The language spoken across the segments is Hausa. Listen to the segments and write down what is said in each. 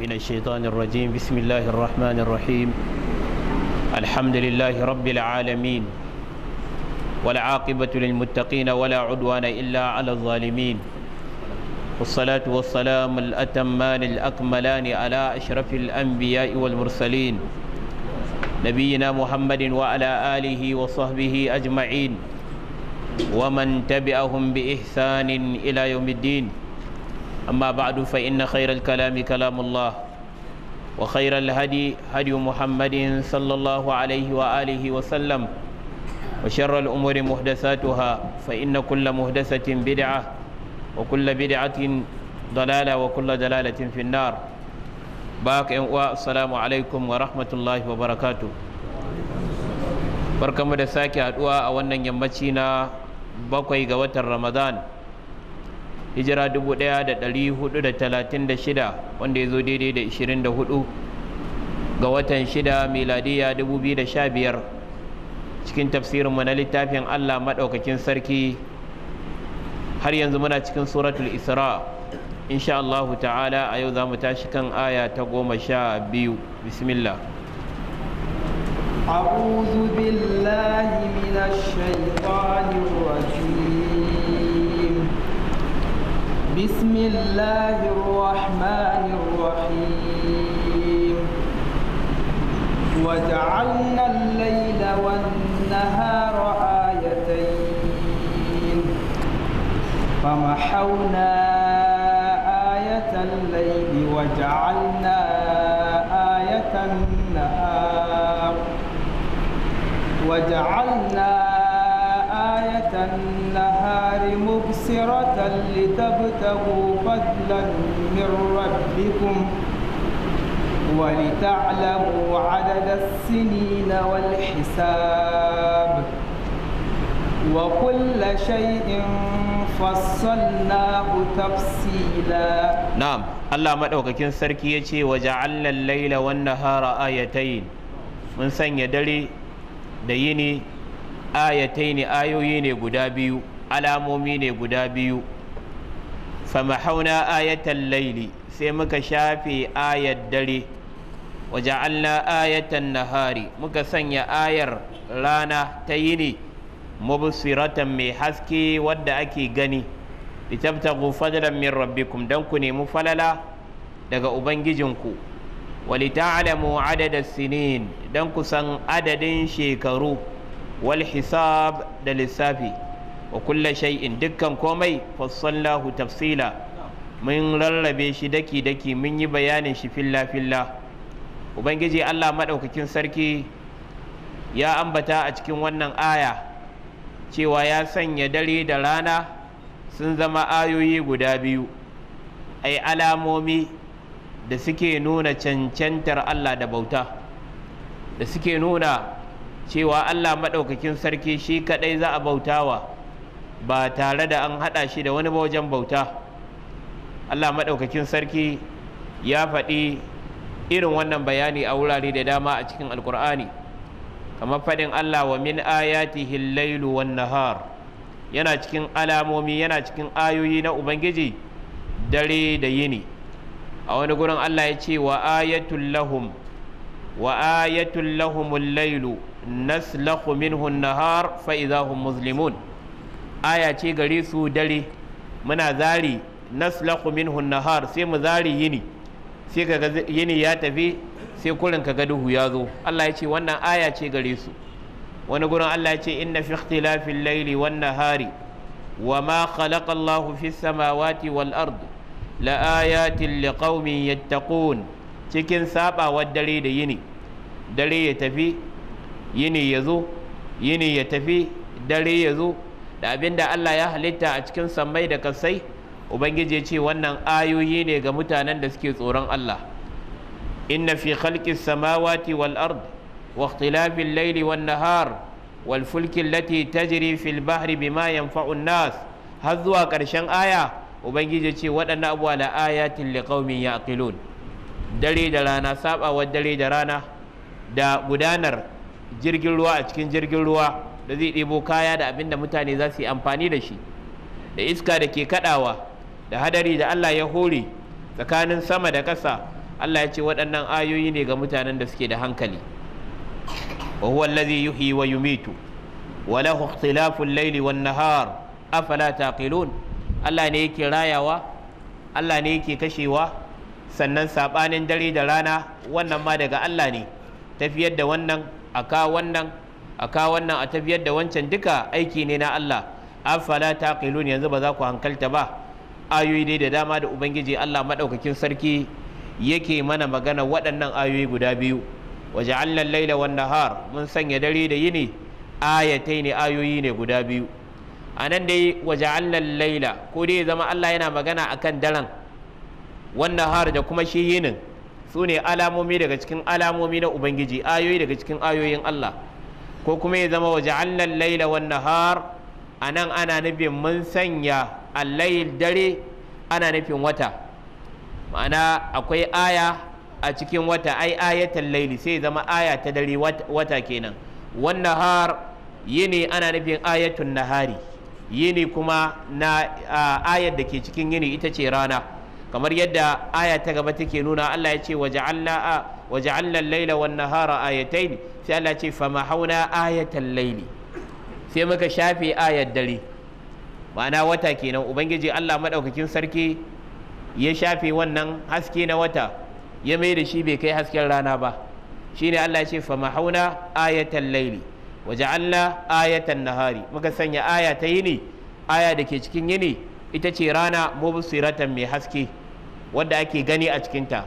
من الشيطان الرجيم بسم الله الرحمن الرحيم الحمد لله رب العالمين والعاقبة للمتقين ولا عدوان إلا على الظالمين والصلاة والسلام الأتمان الأكملان على أشرف الأنبياء والمرسلين نبينا محمد وعلى آله وصحبه أجمعين ومن تبعهم بإحسان إلى يوم الدين أما بعد فإن خير الكلام كلام الله وخير الهدي هدي محمد صلى الله عليه وآله وسلم وشر الأمور محدثاتها فإن كل محدثة بدعة وكل بدعة ضلالة وكل ضلالة في النار باك السلام عليكم ورحمة الله وبركاته barkamu da sake haduwa a wannan yammaci na bakwai ga watan ramadan hijira 1436 wanda ya zo daidai da 24 ga watan 6 miladiya 2015 cikin tafsirinmu na littafin Allah maɗaukakin sarki har yanzu muna cikin suratul isra insha ta'ala a yau za mu tashi kan aya ta goma sha biyu bismillah أعوذ بالله من الشيطان الرجيم بسم الله الرحمن الرحيم وجعلنا الليل والنهار آيتين فمحونا آية الليل وجعلنا آية النهار وجعلنا النهار مبصرة لتبتغوا فضلا من ربكم ولتعلموا عدد السنين والحساب وكل شيء فصلناه تفصيلا نعم الله مدوكاكين سركي يجي وجعلنا الليل والنهار آيتين من سنة دلي ديني ayatai ne ayoyi ne guda biyu alamomi ne guda biyu famahauna ayatan laili sai muka shafe ayat dare waja'alna ayatan nahari muka sanya ayar rana ta yi yini mubsiratan mai haske wadda ake gani litabtagu fadlan min rabbikum dan ku nemi falala daga ubangijinku walita'lamu adada sinin dan ku san adadin shekaru wal hisab da lissafi wa kulla shay'in dukkan komai fassallahu tafsila mun rarrabe shi daki daki mun yi bayanin shi filla filla ubangiji Allah madaukakin sarki ya ambata a cikin wannan aya cewa ya sanya dare da rana sun zama ayoyi guda biyu ai alamomi da suke nuna cancantar Allah da bauta da suke nuna cewa Allah maɗaukakin sarki shi kaɗai za a bautawa ba tare da an haɗa shi da wani ba wajen bauta Allah maɗaukakin sarki ya faɗi irin wannan bayani a wurare da dama a cikin alkur'ani kamar faɗin Allah wa min ayatihi lailu wan nahar yana cikin alamomi yana cikin ayoyi na ubangiji dare da yini a wani gurin Allah ya ce wa ayatul lahum wa ayatul lahumul lailu naslakhu minhu nahar fa idahum muslimun aya ce gare su dare muna zari naslakhu minhu nahar sai mu zari yini sai kaga yini ya tafi sai kurin kaga duhu ya zo Allah ya ce wannan aya ce gare su wani gurin Allah ya ce inna fi ikhtilafil layli wan nahari wama khalaqa Allahu fis samawati wal ardi la ayatin liqaumin yattaqun cikin sabawar dare da yini dare ya tafi yini ya zo yini ya tafi dare ya zo da abinda Allah ya halitta a cikin sammai da kasai ubangiji ya ce wannan ayoyi ne ga mutanen da suke tsoron Allah inna fi khalqis samawati wal ard wa ikhtilafil layli wan nahar wal fulki allati tajri fil bahri bima yanfa'u nas har zuwa karshen aya ubangiji ya ce waɗannan abuwa la ayatin liqaumin yaqilun dare da rana sabawa dare da rana da gudanar jirgin ruwa a cikin jirgin ruwa da zai ɗebo kaya da abin da mutane za su yi amfani da shi da iska da ke kaɗawa da hadari da Allah ya hore tsakanin sama da ƙasa Allah ya ce waɗannan ayoyi ne ga mutanen da suke da hankali wa huwa allazi yuhyi wa yumitu wa lahu layli wan nahar afala taqilun Allah ne yake rayawa Allah ne yake kashewa sannan saɓanin dare da rana wannan ma daga Allah ne tafiyar da wannan a kawo wannan a ka wannan a tafiyar da wancan duka aiki ne na Allah afala taqilun yanzu ba za ku hankalta ba ayoyi dai da dama da ubangiji Allah madaukakin sarki yake mana magana waɗannan ayoyi guda biyu waja'alna al-laila wan nahar mun sanya dare da yini ayatai ne ayoyi ne guda biyu a dai waja'alna al-laila ko dai zama Allah yana magana akan daren wan har da kuma shi yinin su ne alamomi daga cikin alamomi na ubangiji ayoyi daga cikin ayoyin Allah ko kuma ya zama waje allan laila wan nahar a nan ana nufin mun sanya allayil dare ana nufin wata ma'ana akwai aya a cikin wata ai ayatan laili sai zama aya ta dare wata kenan wan nahar yini ana nufin ayatun nahari yini kuma na ayar da ke cikin yini ita ce rana kamar yadda aya ta gaba take nuna Allah ya ce waja'alna a waja'alna laila wan nahara ayatayn sai Allah ya ce famahawna ayatal laili sai muka shafe ayat dare ma'ana wata kenan ubangiji Allah maɗaukakin sarki ya shafe wannan haske na wata ya mai da shi bai kai hasken rana ba shine Allah ya ce famahawna ayatal laili waja'alna ayatan nahari muka sanya aya ta yini aya da ke cikin yini ita ce rana mubsiratan mai haske wadda ake gani a cikinta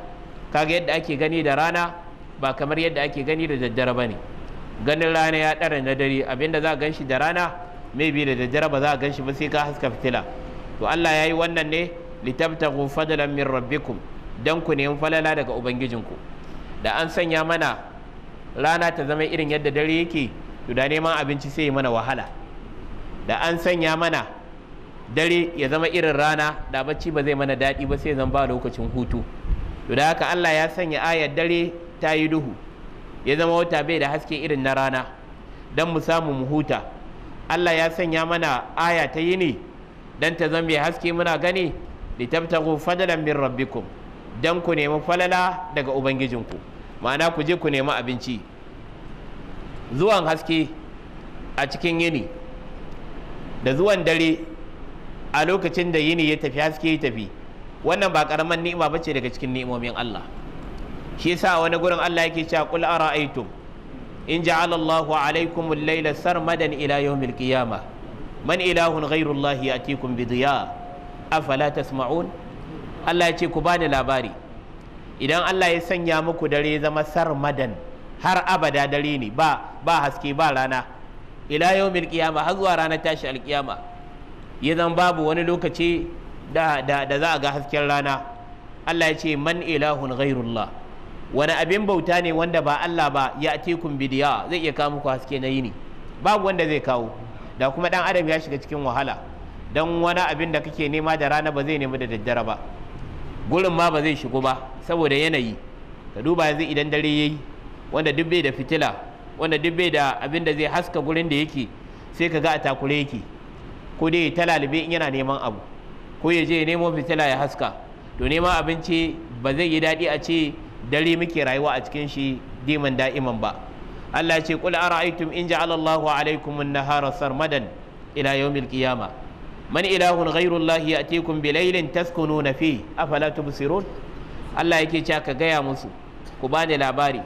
kaga yadda ake gani da rana ba kamar yadda ake gani da daddare ba ne ganin rana ya ɗara na dare abinda za a gan da rana mai bi da daddare ba za a gan shi ba sai ka haska fitila to Allah ya yi wannan ne litabtaghu fadlan min rabbikum dan ku ne falala daga ubangijinku da an sanya mana rana ta zama irin yadda dare yake to da neman abinci sai mana wahala da an sanya mana dare ya zama irin rana da bacci ba zai mana daɗi ba sai zan ba lokacin hutu to da haka Allah ya sanya ayar dare ta yi duhu ya zama wata bai da haske irin na rana don mu samu mu huta Allah ya sanya mana aya ta yini don ta zama mai haske muna gani litabtagu fadalan min rabbikum dan ku nemi falala daga ubangijinku ma'ana ku je ku nemi abinci zuwan haske a cikin yini da zuwan dare a lokacin da yini ya tafi haske ya tafi wannan ba karaman ni'ima bace daga cikin ni'imomin Allah shi yasa wani gurin Allah yake cewa qul ara'aytum in ja'ala Allahu alaykum al-layla sarmadan ila yawmil qiyamah man ilahun ghayru Allah yatikum bi diya afala tasma'un Allah ya ce ku bani labari idan Allah ya sanya muku dare zama sarmadan har abada dare ne ba ba haske ba rana ila yawmil qiyamah har zuwa ranar tashi alkiyama ya zan babu wani lokaci da za a ga hasken rana Allah ya ce man ilahun ghairullah wani abin bauta ne wanda ba Allah ba ya tekun bidiya zai iya kawo muku haske na yini babu wanda zai kawo da kuma dan adam ya shiga cikin wahala dan wani abin da kake nema da rana ba zai nemi da daddare ba gurin ma ba zai shigo ba saboda yanayi ka duba yanzu idan dare yayi wanda duk bai da fitila wanda duk bai da abin da zai haska gurin da yake sai ka ga a takure yake ko dai ta lalube in yana neman abu ko ya je nemo fitila ya haska to neman abinci ba zai yi daɗi a ce dare muke rayuwa a cikin shi diman da'iman ba Allah ce qul ara'aytum in ja'ala Allahu alaykum an-nahara sarmadan ila yawmil qiyamah man ilahun ghayru Allah ya'tikum bi laylin taskununa fi afala tubsirun Allah yake cewa ka gaya musu ku bani labari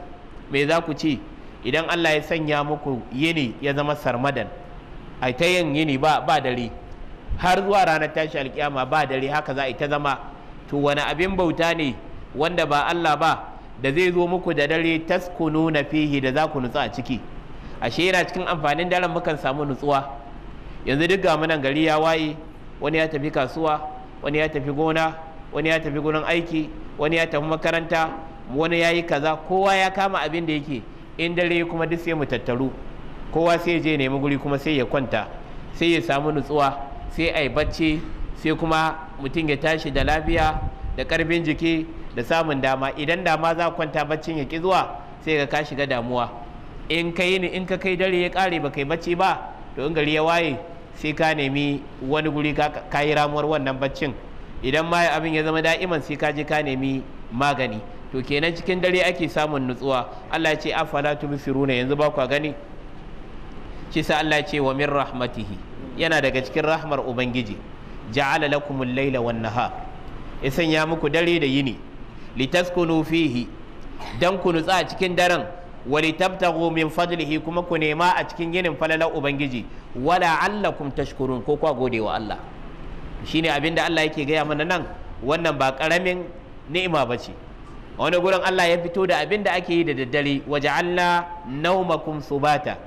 me za ku ci idan Allah ya sanya muku yini ya zama sarmadan a ta yin yini ba ba dare har zuwa ranar tashi alkiyama ba dare haka za a ta zama to wani abin bauta ne wanda ba Allah ba da zai zo muku da dare taskunu na fihi da za ku nutsu a ciki ashe yana cikin amfanin daren mukan samu nutsuwa yanzu duk ga munan gari ya waye wani ya tafi kasuwa wani ya tafi gona wani ya tafi gurin aiki wani ya tafi makaranta wani ya yi kaza kowa ya kama abin da yake in dare kuma duk sai mu tattaru kowa sai ya je nemi guri kuma sai ya kwanta sai ya samu nutsuwa sai a yi bacci sai kuma mutum ya tashi da lafiya da karfin jiki da samun dama idan dama za kwanta baccin ya ki zuwa sai ka ka shiga damuwa in ka yi ni in ka kai dare ya kare ba kai bacci ba to in gari ya waye sai ka nemi wani guri ka yi ramuwar wannan baccin idan ma abin ya zama da'iman sai ka je ka nemi magani to kenan cikin dare ake samun nutsuwa Allah ya ce afala tubsiruna yanzu ba kwa gani shi sa Allah ce wa min rahmatihi yana daga cikin rahmar ubangiji ja'ala lakumul laila wan ya sanya muku dare da yini litaskunu fihi dan ku nutsa a cikin daren wa litabtaghu min fadlihi kuma ku nema a cikin yinin falalar ubangiji wala allakum tashkurun ko kwa gode wa Allah shine abinda Allah yake gaya mana nan wannan ba karamin ni'ima bace wani gurin Allah ya fito da abin da ake yi da daddare wa ja'alna naumakum subata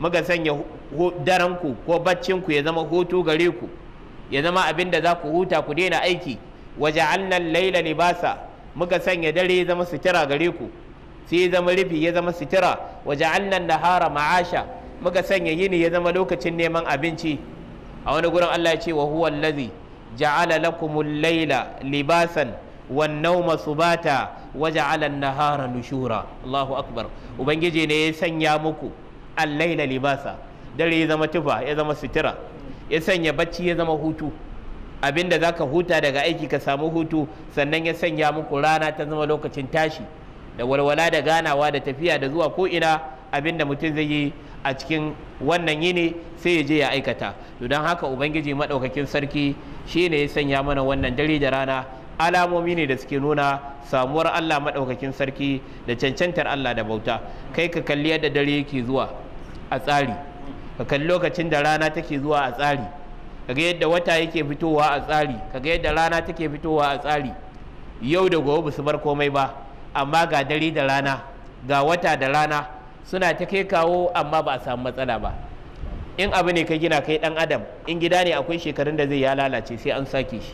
muka sanya daranku ko baccinku ya zama hutu gare ku ya zama abin da za ku huta ku daina aiki waje annan laila libasa muka sanya dare ya zama sutura gare ku sai ya zama rufi ya zama sutura waje annan nahara ma'asha muka sanya yini ya zama lokacin neman abinci a wani gurin Allah ya ce wa huwa allazi ja'ala lakumul laila libasan wan nauma subata waje an-nahara nushura Allahu akbar ubangiji ne ya sanya muku na libasa dare ya zama tufa ya zama sutura ya sanya bacci ya zama hutu abinda za ka huta daga aiki ka samu hutu sannan ya sanya muku rana ta zama lokacin tashi da walwala da ganawa da tafiya da zuwa ko ina abinda mutum zai yi a cikin wannan yini sai ya je ya aikata to don haka ubangiji maɗaukakin sarki shine ya sanya mana wannan dare da rana alamomi ne da suke nuna samuwar Allah maɗaukakin sarki da cancantar Allah da bauta kai ka kalli yadda dare yake zuwa a tsari ka kalli lokacin da rana take zuwa a tsari kaga yadda wata yake fitowa a tsari kaga yadda rana take fitowa a tsari yau da gobe ba su bar komai ba amma ga dare da rana ga wata da rana suna ta kai kawo amma ba a samu matsala ba in abu ne ka gina kai dan adam in gida ne akwai shekarun da zai ya lalace sai an sake shi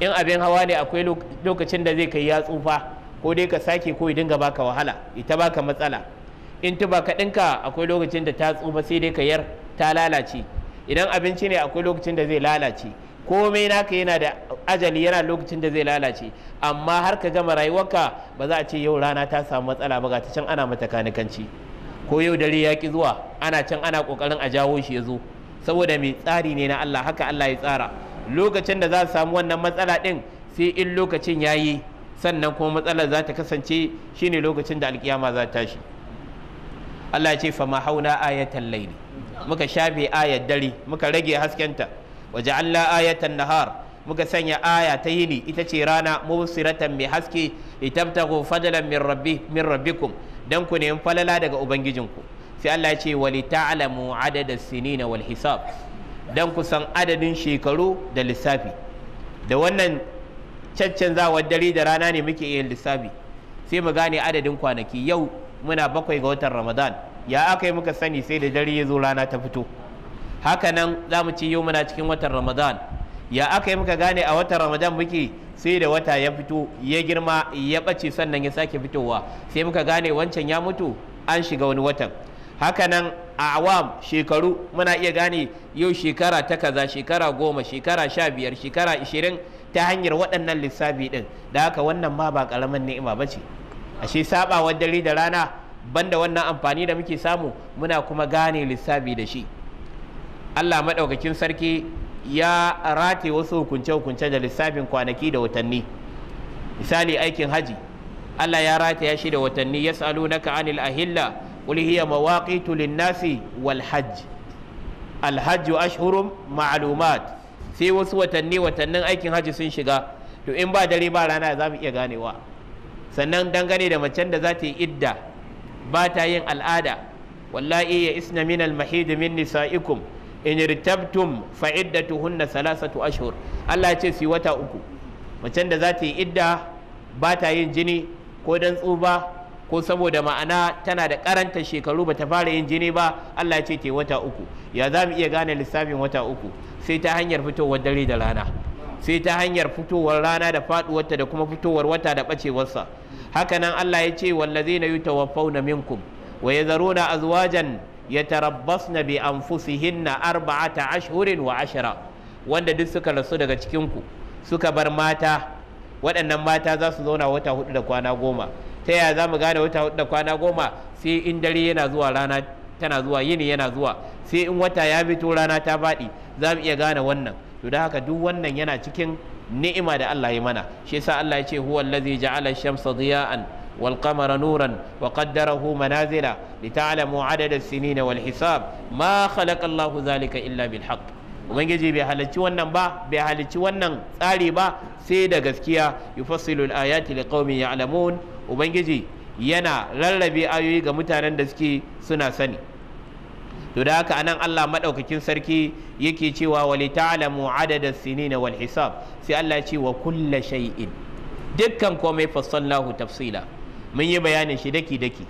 in abin hawa ne akwai lokacin da zai kai ya tsufa ko dai ka sake ko ya dinga baka wahala ita baka matsala in tuba ka ɗinka akwai lokacin da ta tsufa sai dai ka yar ta lalace idan abinci ne akwai lokacin da zai lalace komai naka yana da ajali yana lokacin da zai lalace amma har ka gama rayuwarka ba za a ce yau rana ta samu matsala ba ta can ana mata kanikanci ko yau dare ya ki zuwa ana can ana kokarin a jawo shi ya zo saboda mai tsari ne na Allah haka Allah ya tsara lokacin da za su samu wannan matsala din sai in lokacin yayi sannan kuma matsalar za ta kasance shine lokacin da alkiyama za ta tashi Allah ya ce fa hauna ayatan laili muka shafe ayat dare muka rage haskenta waje Allah ayatan nahar muka sanya aya ta yini ita ce rana mubsiratan mai haske litabtagu fadlan min rabbi min rabbikum dan ku nemi falala daga ubangijinku sai Allah ya ce walita'lamu adada sinina wal hisab don kusan adadin shekaru da lissafi da wannan caccanzawar dare da rana ne muke iya lissafi sai mu gane adadin kwanaki yau muna bakwai ga watan ramadan ya aka yi muka sani sai da dare ya zo rana ta fito hakanan za mu ci yau muna cikin watan ramadan ya aka yi muka gane a watan ramadan muke sai da wata ya fito ya girma ya ɓace sannan ya sake fitowa sai muka gane wancan ya mutu an shiga wani watan hakanan a awam shekaru muna iya gane yau shekara ta kaza shekara goma shekara sha biyar shekara ishirin ta hanyar waɗannan lissafi ɗin da haka wannan ma ba ƙaramin ni'ima ba ce ashe saɓawar dare da rana banda wannan amfani da muke samu muna kuma gane lissafi da shi allah maɗaukakin sarki ya rate wasu hukunce-hukunce da lissafin kwanaki da watanni misali aikin haji allah ya rata ya shi da watanni ya naka anil ahilla qul hiya mawaqitu lin-nasi wal hajj al sai wasu watanni watannin aikin hajji sun shiga to in ba dare ba rana za mu iya ganewa sannan dangane da macen da za ta yi idda ba ta yin al'ada wallahi ya isna min al-mahid min nisa'ikum in irtabtum fa iddatuhunna salasatu ashhur Allah ya ce su wata uku macen da za ta yi idda ba ta yin jini ko dan tsuba ko saboda ma'ana tana da karanta shekaru bata fara yin jini ba Allah ya ce yi wata uku ya za mu iya gane lissafin wata uku sai ta hanyar fitowar dare da rana sai ta hanyar fitowar rana da faduwarta da kuma fitowar wata da bacewarsa hakanan Allah ya ce wallazina yutawaffawna minkum wa yazaruna azwajan yatarabbasna bi anfusihinna arba'ata ashhurin wa ashara wanda duk suka rasu daga cikin ku suka bar mata waɗannan mata za su zauna wata hudu da kwana goma ta yaya za mu gane wata hudu da kwana goma sai in dare yana zuwa rana tana zuwa yini yana zuwa sai in wata ya fito rana ta faɗi za mu iya gane wannan to da haka duk wannan yana cikin ni'ima da Allah ya mana shi yasa Allah ya ce huwa allazi ja'ala shamsa diya'an wal qamara nuran wa qaddarahu manazila lita'lamu adada as-sinina wal hisab ma khalaqa Allahu dhalika illa bil haqq ubangiji bai halarci wannan ba bai halarci wannan tsari ba sai da gaskiya yufassilul ayati liqaumin ya'lamun ubangiji yana rarrabe ayoyi ga mutanen da suke suna sani to da haka anan Allah madaukakin sarki yake cewa wali ta'lamu adada sinina wal hisab sai Allah ya ce wa kulle shay'in dukkan komai fassalnahu tafsila mun yi bayanin shi daki daki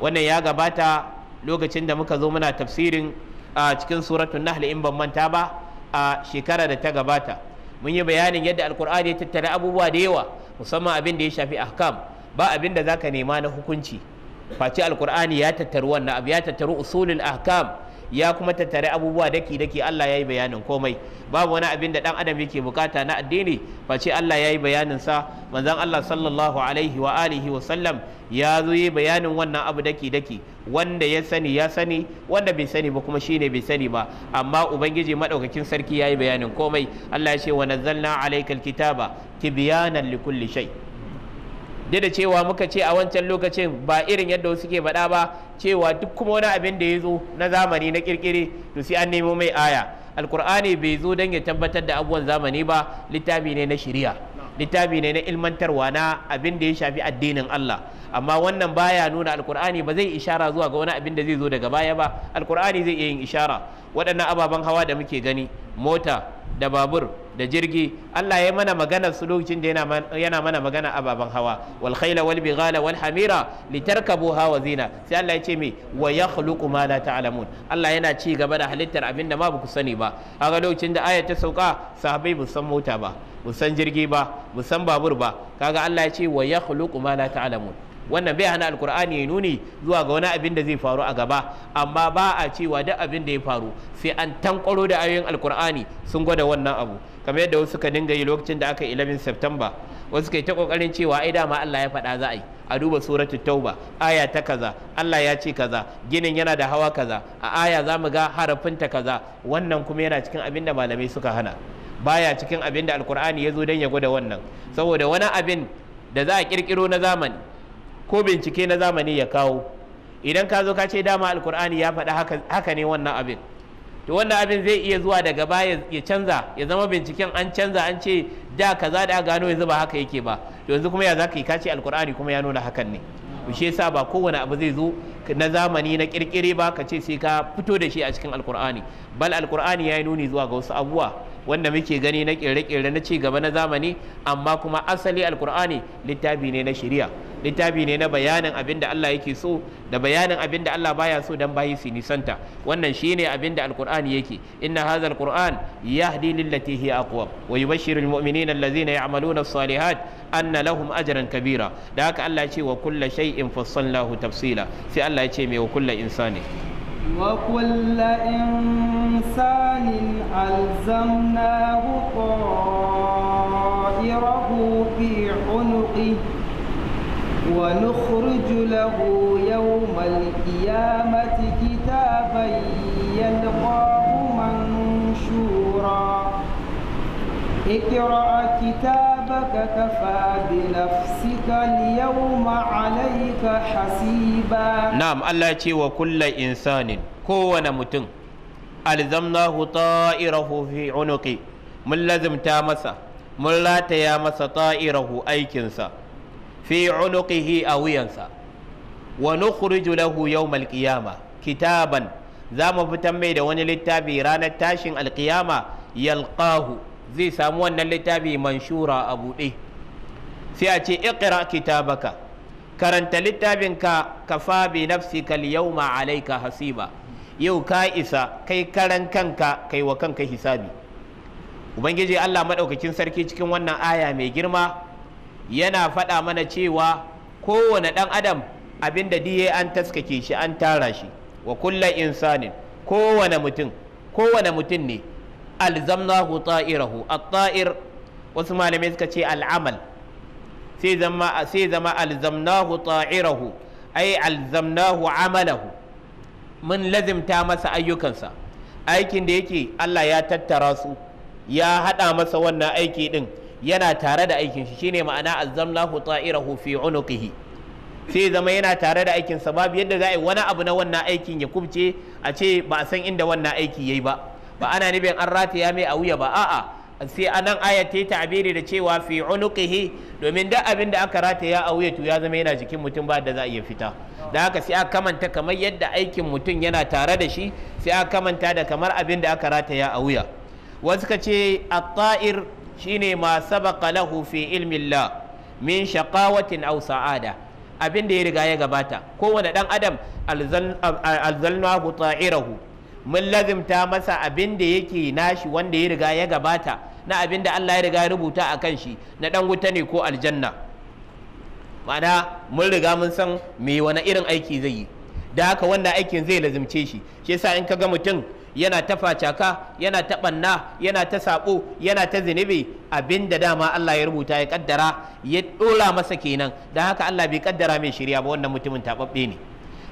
wannan ya gabata lokacin da muka zo muna tafsirin a cikin suratun nahl in ban manta ba a shekara da ta gabata mun yi bayanin yadda alkur'ani ya tattara abubuwa da yawa musamman abin da ya shafi ahkam ba abin da zaka nema na hukunci face alkur'ani ya tattaru wannan abu ya tattaru usulul ahkam ya kuma tattare abubuwa daki daki Allah ya yi bayanin komai babu wani abin da dan adam yake bukata na addini face Allah ya yi bayanin sa manzon Allah sallallahu alaihi wa alihi wa sallam ya zo yi bayanin wannan abu daki daki wanda ya sani ya sani wanda bai sani ba kuma shine bai sani ba amma ubangiji madaukakin sarki ya yi bayanin komai Allah ya ce wa nazzalna alaikal kitaba tibyanan likulli shay' da cewa muka ce a wancan lokacin ba irin yadda wasu ke faɗa ba cewa duk kuma wani abin da ya zo na zamani na kirkire to sai an nemo mai aya alkur'ani bai zo don ya tabbatar da abubuwan zamani ba littafi ne na shari'a littafi ne na ilmantarwa na abin da ya shafi addinin Allah amma wannan baya nuna alkur'ani ba zai ishara zuwa ga wani abin da zai zo daga baya ba alkur'ani zai iya yin ishara waɗannan ababen hawa da muke gani mota da babur da jirgi Allah ya mana magana su lokacin da yana mana magana ababen hawa wal khayla wal bighala wal hamira litarka wa zina sai Allah ya ce me wa yakhluqu ma la ta'lamun Allah yana ci gaba da halittar abin da ma ba ku sani ba kaga lokacin da ayat ta sauka sahabbai ba san mota ba busan san jirgi ba ba san babur ba kaga Allah ya ce wa yakhluqu ma la ta'lamun wannan bai hana alkur'ani ya nuni zuwa ga wani abin da zai faru a gaba amma ba a cewa duk abin da ya faru sai an tankwaro da ayoyin alkur'ani sun gwada wannan abu kamar yadda wasu ka dinga yi lokacin da aka yi 11 september wasu kai ta kokarin cewa ai dama Allah ya faɗa za a yi a duba suratul tauba aya ta kaza Allah ya ce kaza ginin yana da hawa kaza a aya za mu ga harafinta kaza wannan kuma yana cikin abin da malamai suka hana baya cikin abin da alkur'ani ya zo don ya gwada wannan saboda wani abin da za a kirkiro na zamani ko bincike na zamani ya kawo idan ka zo ka ce dama alkur'ani ya faɗa haka ne wannan abin to wannan abin zai iya zuwa daga baya ya canza ya zama binciken an canza an ce da kaza da gano yanzu ba haka yake ba to yanzu kuma ya zaka yi kace alkur'ani kuma ya nuna hakan ne shi yasa ba kowane abu zai zo na zamani na kirkire ba ka ce sai ka fito da shi a cikin alkur'ani bal alkur'ani ya yi nuni zuwa ga wasu abubuwa wanda muke gani na kere-kere na ci gaba na zamani amma kuma asali alkur'ani littafi ne na shari'a littafi ne na bayanin abin da Allah yake so da bayanin abin da Allah baya so dan bayi su nisanta wannan shine abin da alkur'ani yake inna hadha alquran yahdi lillati hiya aqwam wa yubashshiru almu'minina allazina ya'maluna as-salihat anna lahum ajran kabira da haka Allah ya ce wa kullu shay'in fassalnahu tafsila sai Allah ya ce mai wa kullu insani وكل إنسان ألزمناه طائره في عنقه ونخرج له يوم القيامة كتابا يلقاه اقرأ كتابك كفى بنفسك اليوم عليك حسيبا نعم الله يتي وكل إنسان كون متن ألزمناه طائره في عنقي من لازم تامسا من لا تيامس طائره أيكنسا في عنقه أوينسا ونخرج له يوم القيامة كتابا ذا مفتمي دون للتابي رانا تاشن القيامة يلقاه zai samu wannan littafi manshura a buɗe sai a ce iqra kitabaka karanta littafinka kafa bi nafsi al-yawma hasi hasiba yau ka isa kai karan kanka kai wa kanka hisabi ubangiji Allah madaukakin sarki cikin wannan aya mai girma yana faɗa mana cewa kowane ɗan adam abin da diye an taskake shi an tara shi wa kulla insanin kowane mutum kowane mutum ne alzamnahu ta'irahu at-ta'ir wasu malamai suka ce al'amal sai zama sai zama alzamnahu ta'irahu ai alzamnahu amalahu mun lazimta masa ayyukansa aikin da yake Allah ya tattara su ya hada masa wannan aiki din yana tare da aikin shi shine ma'ana alzamnahu ta'irahu fi unuqihi sai zama yana tare da aikin sababu babu yadda za a yi wani abu na wannan aikin ya kubce a ce ba a san inda wannan aiki yayi ba ba ana nufin an rataya mai a wuya ba a'a sai anan ayat ta ta'biri da cewa fi unuqihi domin duk abin da aka rataya a wuya to ya zama yana jikin mutum ba da za a iya fita da haka sai aka kamanta kamar yadda aikin mutum yana tare da shi sai aka kamanta da kamar abin da aka rataya a wuya wasu ka ce at-ta'ir shine ma sabaqa lahu fi ilmillah min shaqawatin aw sa'ada abin da ya riga ya gabata kowane dan adam alzalnahu ta'irahu mun lazimta masa abin da yake nashi wanda ya riga ya gabata na abin da Allah ya riga ya rubuta a kan shi na ɗan wuta ne ko aljanna ma'ana mun riga mun san me wani irin aiki zai yi da haka wannan aikin zai lazimce shi shi yasa in ka ga mutum yana ta facaka yana ta banna yana ta sabo yana ta zinube abin da dama Allah ya rubuta ya kaddara ya dola masa kenan da haka Allah bai kaddara mai shirya ba wannan mutumin tababbe ne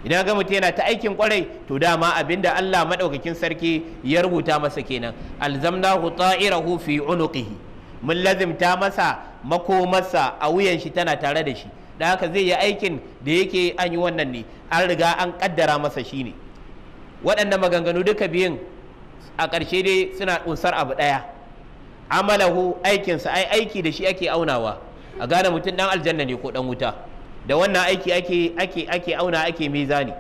idan ga mutum yana ta aikin kwarai to dama abinda Allah madaukakin sarki ya rubuta masa kenan alzamnahu ta'irahu fi unuqihi mun lazimta masa makomarsa a wuyan shi tana tare da shi da haka zai yi aikin da yake an yi wannan ne an riga an kaddara masa shi ne waɗannan maganganu duka biyun a ƙarshe dai suna ƙunsar abu ɗaya amalahu aikinsa ai aiki da shi ake aunawa a gane mutum ɗan aljanna ne ko ɗan wuta da wannan aiki ake ake ake auna ake mizani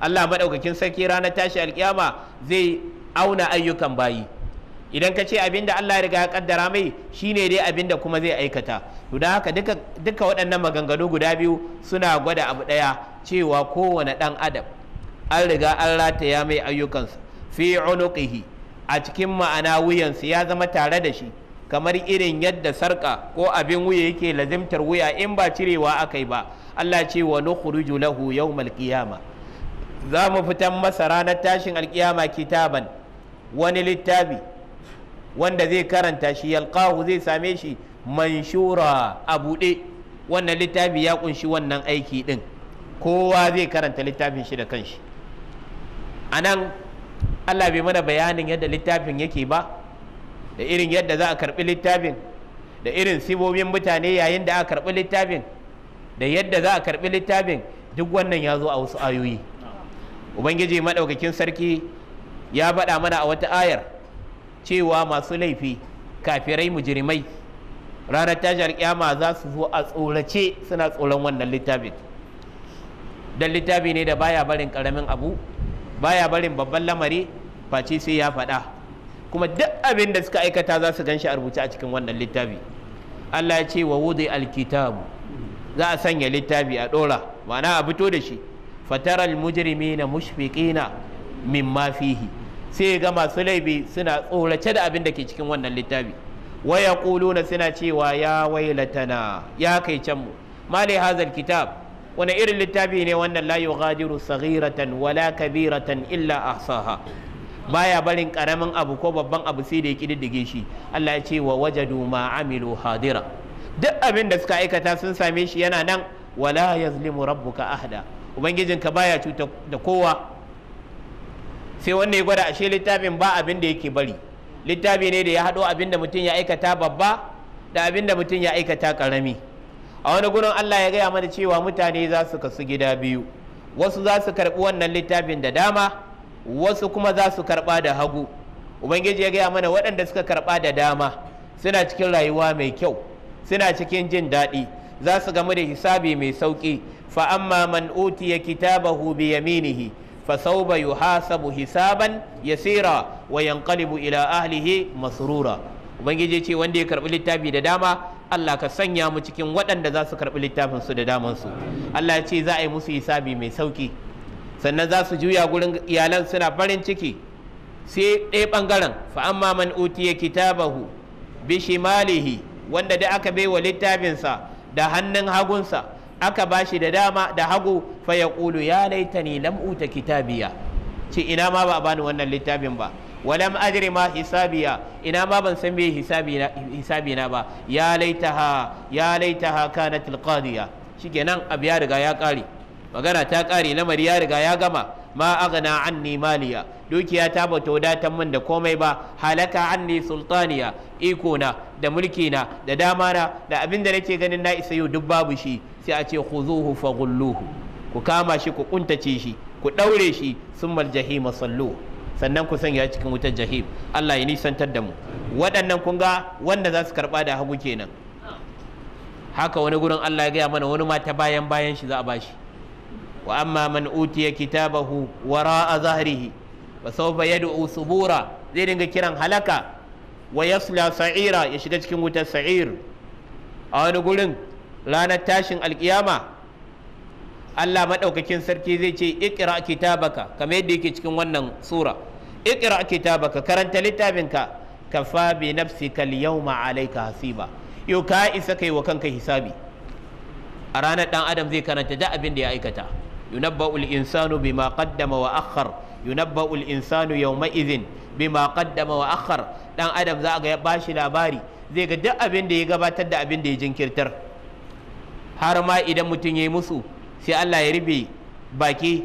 Allah madaukakin sarki ranar tashi alkiyama zai auna ayyukan bayi idan ka ce abin da Allah ya riga ya kaddara mai shine dai abin da kuma zai aikata to haka duka duka waɗannan maganganu guda biyu suna gwada abu ɗaya cewa kowane ɗan adam an riga an rataya mai ayyukansa fi unuqihi a cikin ma'ana wuyansa ya zama tare da shi kamar irin yadda sarka ko abin wuya yake lazimtar wuya in ba cirewa aka yi ba Allah ce wa nukhruju lahu yawmal qiyama za mu fitan masa ranar tashin alkiyama kitaban wani littafi wanda zai karanta shi yalqahu zai same shi manshura a buɗe wannan littafi ya kunshi wannan aiki din kowa zai karanta littafin shi da kanshi anan Allah bai mana bayanin yadda littafin yake ba da irin yadda za a littafin da irin sibobin mutane yayin da aka karbi littafin da yadda za a karbi littafin duk wannan ya zo a wasu ayoyi ubangiji maɗaukakin sarki ya faɗa mana a wata ayar cewa masu laifi kafirai mujirimai ranar tajar kyama za su zo a tsorace suna tsoron wannan littafin don littafi ne da baya barin karamin abu baya barin babban lamari face sai ya faɗa kuma duk abin da suka aikata za su gan shi a rubuce a cikin wannan littafi Allah ya ce wa wudai alkitabu za a sanya littafi a ɗora ma'ana a fito da shi fataral mujrimi na mushfiqina mimma fihi sai ga masu laifi suna tsorace da abin da ke cikin wannan littafi waya kuluna suna cewa ya wailatana ya kai can mu mali hazal kitab wani irin littafi ne wannan la yughadiru saghiratan wala kabiratan illa ahsaha baya barin karamin abu ko babban abu sai da ya kididdige shi Allah ya ce wa wajadu ma amilu hadira duk abin da suka aikata sun same shi yana nan wala ya yazlimu rabbuka ahada ubangijinka baya cuta da kowa sai wanda ya gwada ashe littafin ba abin da yake bari littafi ne da ya haɗo abin da mutum ya aikata babba da abin da mutum ya aikata ƙarami a wani gurin Allah ya gaya mana cewa mutane za su kasu gida biyu wasu za su karɓi wannan littafin da dama wasu kuma za su karɓa da hagu ubangiji ya gaya mana waɗanda suka karɓa da dama suna cikin rayuwa mai kyau suna cikin jin daɗi za su gamu da hisabi mai sauƙi fa amma man utiya kitabahu bi yaminihi fa sawfa yuhasabu hisaban yasira wa yanqalibu ila ahlihi masrura ubangiji ce wanda ya karbi littafi da dama Allah ka sanya mu cikin waɗanda za su karbi littafinsu da daman su Allah ce za a yi musu hisabi mai sauki sannan za su juya gurin iyalan suna farin ciki sai ɗaya ɓangaren fa amma man utiya kitabahu bi wanda da aka baiwa littafinsa da hannun hagunsa aka bashi da dama da hagu fa ya ƙulu ya laitani lam uta kitabiya ce ina ma ba a bani wannan littafin ba walam ajri ma hisabiya ina ma ban san me hisabi na ba ya laitaha ya laitaha kanat alqadiya shikenan abu ya riga ya kare magana ta kare lamari ya riga ya gama ma aghna anni maliya dukiya ta bata wadatar min da komai ba halaka anni sultaniya Ikona da mulki na da dama na da abin da nake ganin na isa yau duk babu shi sai a ce khuzuhu gulluhu ku kama shi ku kuntace shi ku daure shi summal jahim sallu sannan ku sanya cikin wutar jahim Allah ya nisantar da mu waɗannan kun ga wanda za su karba da hagu kenan haka wani gurin Allah ya gaya mana wani ma ta bayan bayan shi za a bashi wa amma man utiya kitabahu wara'a zahrihi wa sawfa yad'u subura zai dinga kiran halaka wa yasla sa'ira ya shiga cikin wutar sa'ir a wani gurin ranar tashin alkiyama Allah maɗaukakin sarki zai ce ikira kitabaka kamar yadda yake cikin wannan sura ikira kitabaka karanta littafinka kafa bi nafsika al-yawma alayka hasiba yau ka isa kai wa kan ka hisabi a ranar ɗan adam zai karanta da abin da ya aikata yunabba'ul insanu bima qaddama wa akhar yunabba'u al-insanu yawma idhin bima qaddama wa akhar dan adam za ga ya bashi labari zai ga duk abin da ya gabatar da abin da ya jinkirtar har ma idan mutum ya yi musu sai Allah ya rufe baki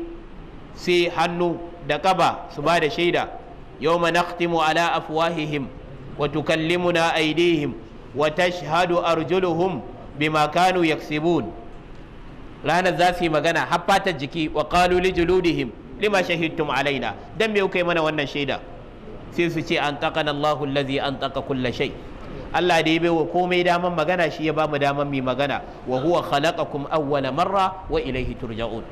sai hannu da kaba su ba da shaida yawma naqtimu ala afwahihim wa tukallimuna aydihim wa tashhadu arjuluhum bima kanu yaksibun ranar za su yi magana har jiki wa qalu li juludihim lima shahidtum alaina dan me kuka yi mana wannan shaida sai su ce an tsaka Allahu allazi an tsaka kulla shay Allah da ya bai wa komai daman magana shi ya ba mu daman mai magana wa huwa khalaqakum awwala marra wa ilaihi turja'un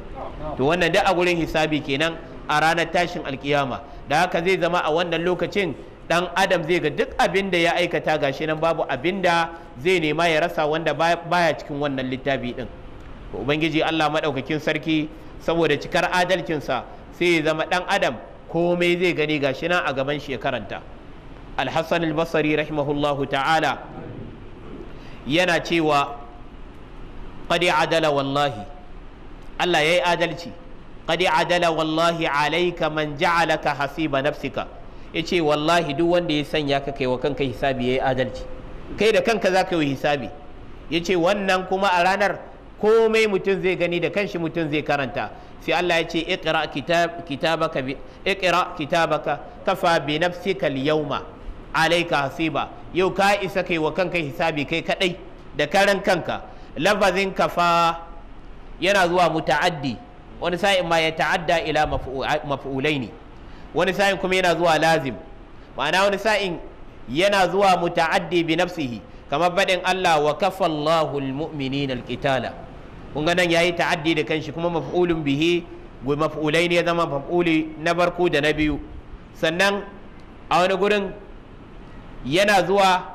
to wannan da a gurin hisabi kenan a ranar tashin alkiyama da haka zai zama a wannan lokacin dan adam zai ga duk abin da ya aikata gashi nan babu abin da zai nema ya rasa wanda baya cikin wannan littafi din ubangiji Allah madaukakin sarki saboda cikar adalcinsa sai ya zama ɗan adam komai zai gani shi nan a gaban shekaranta alhassan albasari rahimahullahu ta'ala yana cewa qadi adala wallahi Allah yayi adalci qadi adala wallahi alaika man ja'alaka hasiba nafsika yace wallahi duk wanda ya sanya ka kai wa kanka hisabi yi adalci kai da kanka zaka yi hisabi yace wannan kuma a ranar komai mutum zai gani da kanshi mutum zai karanta sai Allah ya ce iqra kitabaka iqra kitabaka kafa bi nafsika al-yawma alayka hasiba yau ka isa kai wa kanka hisabi kai kadai da karan kanka lafazin kafa yana zuwa muta'addi wani sa'in ma ya ta'adda ila maf'ulaini wani sa'in kuma yana zuwa lazim ma'ana wani sa'in yana zuwa muta'addi bi nafsihi kamar baɗin Allah wa kafa Allahul mu'minin alƙitala kun ga nan yayi ta'addi da kanshi kuma maf'ulun bihi wa maf'ulai ne zama maf'uli na barku da na biyu sannan a wani gurin yana zuwa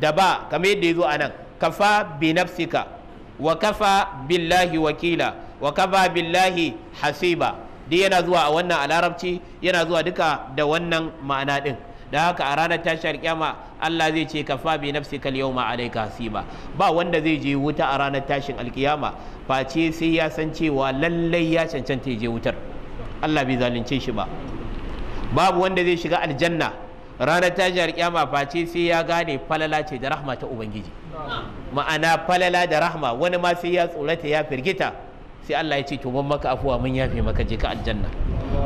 da ba kamar yadda ya zo a nan kafa bi nafsika wa kafa billahi wakila wa kafa billahi hasiba duk yana zuwa a wannan a larabci yana zuwa duka da wannan ma'ana din da haka a ranar tashar kyama Allah zai ce kafa bi nafsika kal yawma alayka hasiba ba wanda zai je wuta a ranar tashin alkiyama face sai ya san cewa lallai ya cancanta ya je wutar Allah bai zalunce shi ba babu wanda zai shiga aljanna ranar tashar kyama face sai ya gane falala ce da rahma ta ubangiji ma'ana falala da rahma wani ma sai ya tsorata ya firgita sai Allah ya ce to ban maka afuwa mun yafe maka je ka aljanna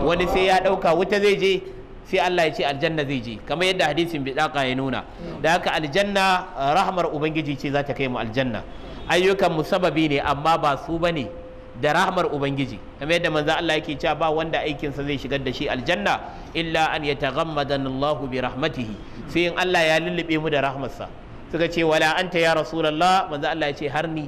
wani sai ya dauka wuta zai je sai Allah ya ce aljanna zai je kamar yadda hadisin bidaka ya nuna da haka aljanna eh, rahmar ubangiji ce za ta kai mu aljanna ayyukan mu sababi ne amma ba su bane da rahmar ubangiji kamar yadda manzo Allah yake cewa ba wanda aikinsa zai shigar da shi aljanna illa an ta Allahu bi rahmatihi sai in Allah ya lullube mu da rahmarsa suka ce wala anta ya rasulullah manzo Allah ya ce har ni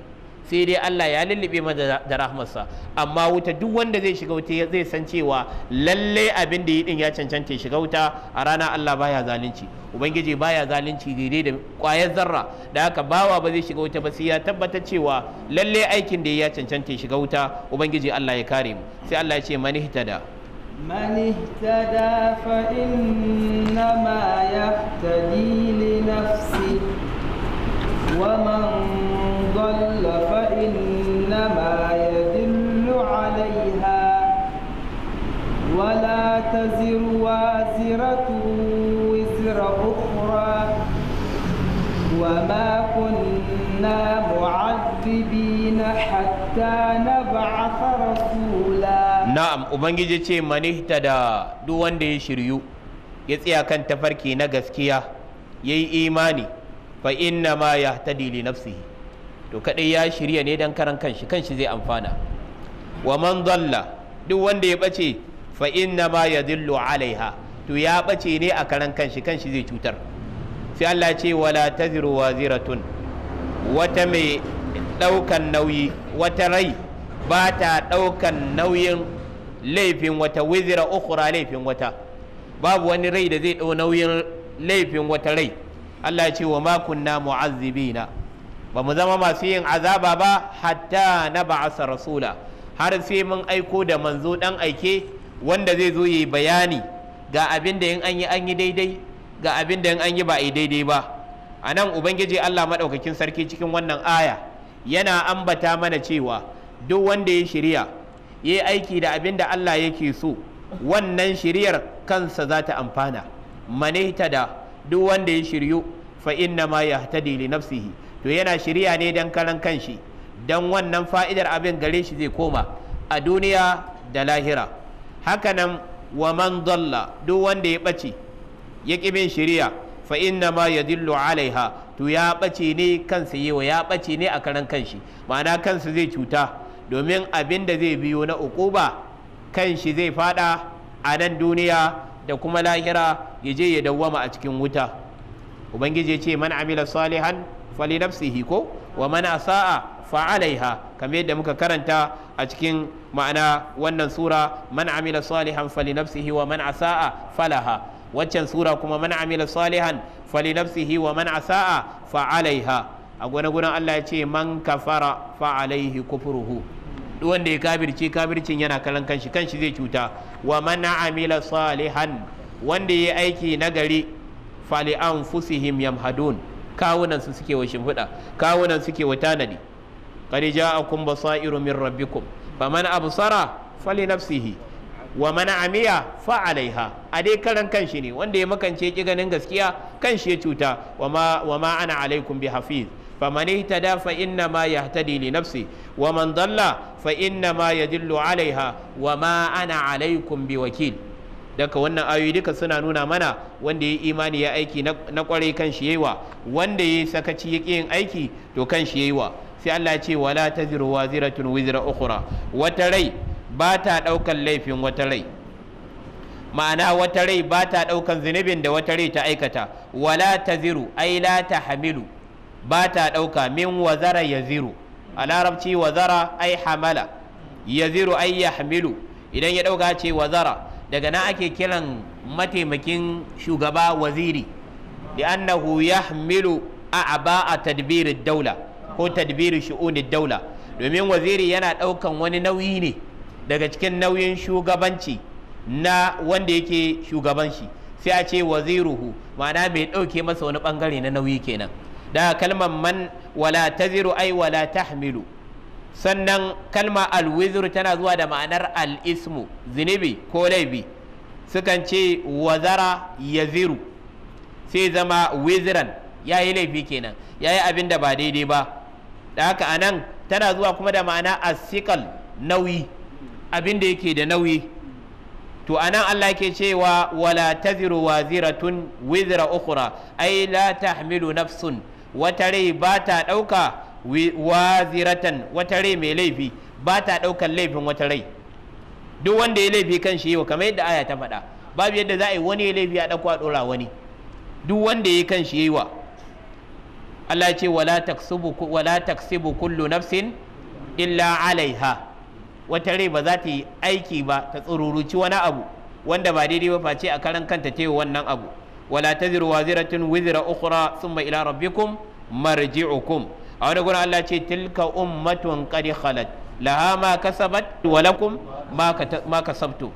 sai dai Allah ya lullube mana da rahmarsa amma wuta duk wanda zai shiga wuta zai san cewa lalle abin da yi din ya cancanta shiga wuta a rana Allah baya zalunci ubangiji baya zalunci daidai da kwayar zarra da haka bawa ba zai shiga wuta ba sai ya tabbatar cewa lalle aikin da ya cancanta shiga wuta ubangiji Allah ya kare mu sai Allah ya ce mani manihtada من اهتدى فإنما يهتدي لنفسه ومن ضل تزر وازرة وزر أخرى وما كنا معذبين حتى نبعث رسولا نعم وبنجي ce mani da duk wanda ya shiryu ya tsaya kan tafarki na gaskiya ya yi imani fa ma ya li nafsihi to kadai ya shirya ne dan karan kanshi kanshi zai amfana wa man dalla duk wanda ya bace fa inna ma yadillu alaiha to ya bace ne a karan kanshi kanshi zai cutar sai Allah ce wala taziru waziratun wata mai daukan nauyi wata rai ba ta daukan nauyin laifin wata wizira ukhra laifin wata babu wani rai da zai dau nauyin laifin wata rai Allah ce wa ma kunna mu'azzibina ba mu zama masu yin azaba ba hatta na ba'asa rasula har sai mun aiko da manzo dan aike wanda zai zo yi bayani ga abin da in an yi an yi daidai ga abin da in an yi ba a yi daidai ba a nan ubangiji allah maɗaukakin sarki cikin wannan aya yana ambata mana cewa duk wanda ya shirya ya aiki da abin da allah yake so wannan shiryar kansa za ta amfana manaita da duk wanda ya shiryu fa inna ma ya li nafsihi to yana shirya ne don karan kanshi don wannan fa'idar abin gare shi zai koma a duniya da lahira hakanan wa man dalla duk wanda ya bace ya ƙi bin shari'a fa inna ma yadillu alaiha to ya bace ne kansa wa ya ɓace ne a karan kanshi ma'ana kansa zai cuta domin abin da zai biyo na uquba kanshi zai fada a nan duniya da kuma lahira ya je ya dawwama a cikin wuta ubangiji ya ce man amila salihan fali nafsihi ko wa man asa'a fa alaiha kamar yadda muka karanta a cikin ma'ana wannan sura man amila salihan fali nafsihi wa man asa'a falaha waccan sura kuma man amila salihan fali nafsihi wa man asa'a fa alaiha a gwana gunan Allah ya ce man kafara fa alaihi kufruhu duk wanda ya kabirci kabircin yana kalan kanshi kanshi zai cuta wa man amila salihan wanda ya aiki nagari fali anfusihim yamhadun kawunan su suke wa shimfiɗa kawunan suke wa tanadi qad ja'akum basairu min rabbikum faman absara fali nafsihi wa man amiya fa alaiha a dai karan kanshi ne wanda ya makance ki ganin gaskiya kanshi ya cuta wa ma ana alaikum bi hafiz faman ihtada fa inna ma yahtadi li nafsi wa man dalla fa inna ma yadillu alaiha wa ma ana alaikum bi wakil daga wannan ayoyi duka suna nuna mana wanda ya imani ya aiki na kwarai kan shi yayi wa wanda ya sakaci ya yin aiki to kan shi yayi wa sai Allah ce wala taziru waziratun wizra ukhra wata rai ba ta daukan laifin wata rai ma'ana wata rai ba ta daukan zunubin da wata rai ta aikata wala taziru ai la tahmilu ba ta dauka min wazara yaziru a larabci wazara ai hamala yaziru ai yahmilu idan ya dauka ce wazara daga nan ake kiran mataimakin shugaba waziri da annahu yahmilu a aba a tadbirin daula ko tadbiri shu'unid daula domin waziri yana ɗaukan wani nauyi ne daga cikin nauyin shugabanci na wanda yake shugabanci sai a ce waziruhu ma'ana mai ɗauke masa wani bangare na nauyi kenan da kalmar man wala taziru ai wala tahmilu sannan kalma alwizru tana zuwa da ma'anar al'ismu zunubi ko laifi sukan ce wazara yaziru sai zama wiziran ya yi laifi kenan ya yi abin ba daidai ba da haka anan tana zuwa kuma da ma'ana asikal nauyi abin da yake da nauyi to anan Allah yake cewa wala taziru ziratun wizira ukura ai la hamilu nafsun wata rai ba ta ɗauka waziratan wata rai mai laifi ba ta ɗaukan laifin wata rai duk wanda ya laifi kan shi yau kamar yadda aya ta faɗa babu yadda za a yi wani ya laifi a ɗauko a ɗora wani duk wanda ya kan shi yi wa Allah ce wala taksibu kullu nafsin illa alaiha wata rai ba za ta yi aiki ba ta tsururuci wani abu wanda ba daidai ba face a karan kanta ta yi wannan abu wala taziru waziratun wizra ukhra thumma ila rabbikum marji'ukum a wani gurin Allah ce tilka ummatun qad khalat laha ma kasabat wa lakum ma kasabtu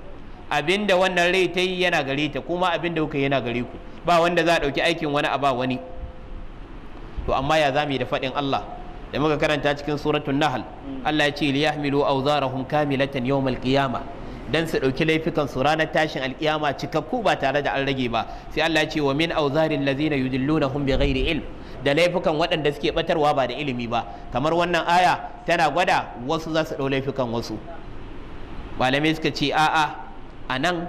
abinda wannan rai ta yi yana gare ta kuma abinda kuka yana gare ku ba wanda za a dauki aikin wani a ba wani to amma ya zami da faɗin Allah da muka karanta cikin suratun nahal mm. Allah ya ce li yahmilu awzarahum kamilatan yawmal qiyamah dan su dauki laifukan su ranar tashin alkiyama cikakku ba tare da an rage ba sai Allah ya ce wa min awzaril ladzina yudillunahum bighairi ilm da laifukan waɗanda suke batarwa ba da ilimi ba kamar wannan aya tana gwada wasu za su dau laifukan wasu malamai suka ce a'a a nan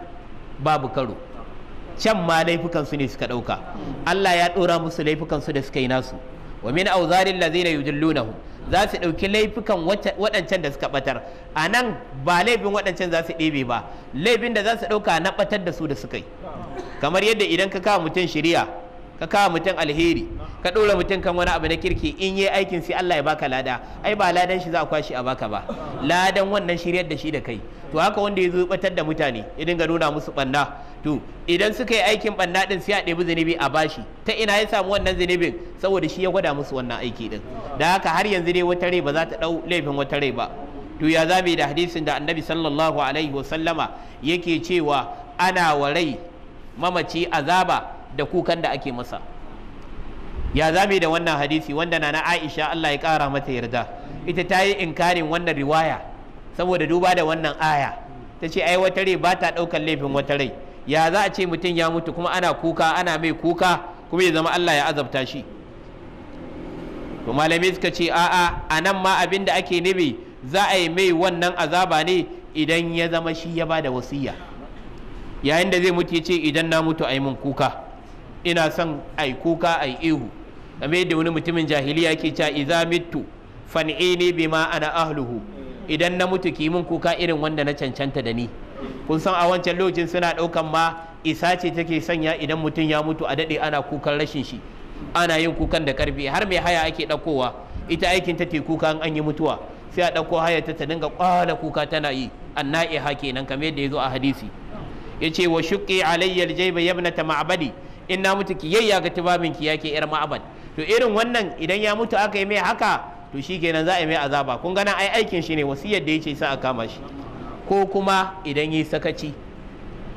babu karo can ma laifukansu ne suka ɗauka Allah ya ɗora musu laifukansu da suka yi nasu wa min auzarin lazina yudillunahum za su ɗauki laifukan waɗancan da suka ɓatar a nan ba laifin waɗancan za su ɗebe ba laifin da za su ɗauka na ɓatar da su da suka yi kamar yadda idan ka kawo mutum shiriya ka kawo mutum alheri ka ɗora mutum kan wani abu na kirki in yi aikin sai Allah ya baka lada ai ba ladan shi za a kwashi a baka ba ladan wannan shiryar da shi da kai to haka wanda ya zo batar da mutane ya dinga nuna musu ɓanna to idan suka yi aikin banna din sai a ɗebi zunubi a bashi ta ina ya samu wannan zunubin saboda shi ya gwada musu wannan aiki din da haka har yanzu dai wata rai ba za ta ɗau laifin wata rai ba to ya zabe da hadisin da annabi sallallahu alaihi wasallama yake cewa ana wa rai mamaci azaba da kukan da ake masa ya zabe da wannan hadisi wanda na na aisha allah ya kara mata yarda ita ta yi inkarin wannan riwaya saboda duba da wannan aya ta ce ai wata rai ba ta ɗaukar laifin wata rai ya za a ce mutum ya mutu kuma ana kuka ana mai kuka kuma ya zama Allah ya azabta shi to malamai suka ce a'a a nan ma abin da ake nufi za a yi mai wannan azaba ne idan ya zama shi ya bada wasiya yayin da zai mutu ya ce idan na mutu ai mun kuka ina son ai kuka ai ihu game da wani mutumin jahiliya ke cewa idza mittu fan'ini bima ana ahluhu idan na mutu ki mun kuka irin wanda na cancanta da ni kun san a wancan lokacin suna ɗaukan ma isa ce take sanya idan mutum ya mutu a daɗe ana kukan rashin shi ana yin kukan da karfi har mai haya ake ɗaukowa ita aikin ta te kuka an yi mutuwa sai a ɗauko haya ta ta dinga kwala kuka tana yi hake nan kamar yadda ya zo a hadisi ya ce wa shuƙi alayyar jaiba ta ma'abadi in na mutu ki yayya ga tubabin ki yake yar ma'abad to irin wannan idan ya mutu aka yi mai haka to shi kenan za a yi mai azaba kun gana ai aikin shi ne wasiyar da ya ce sa a kama shi ko kuma idan yi sakaci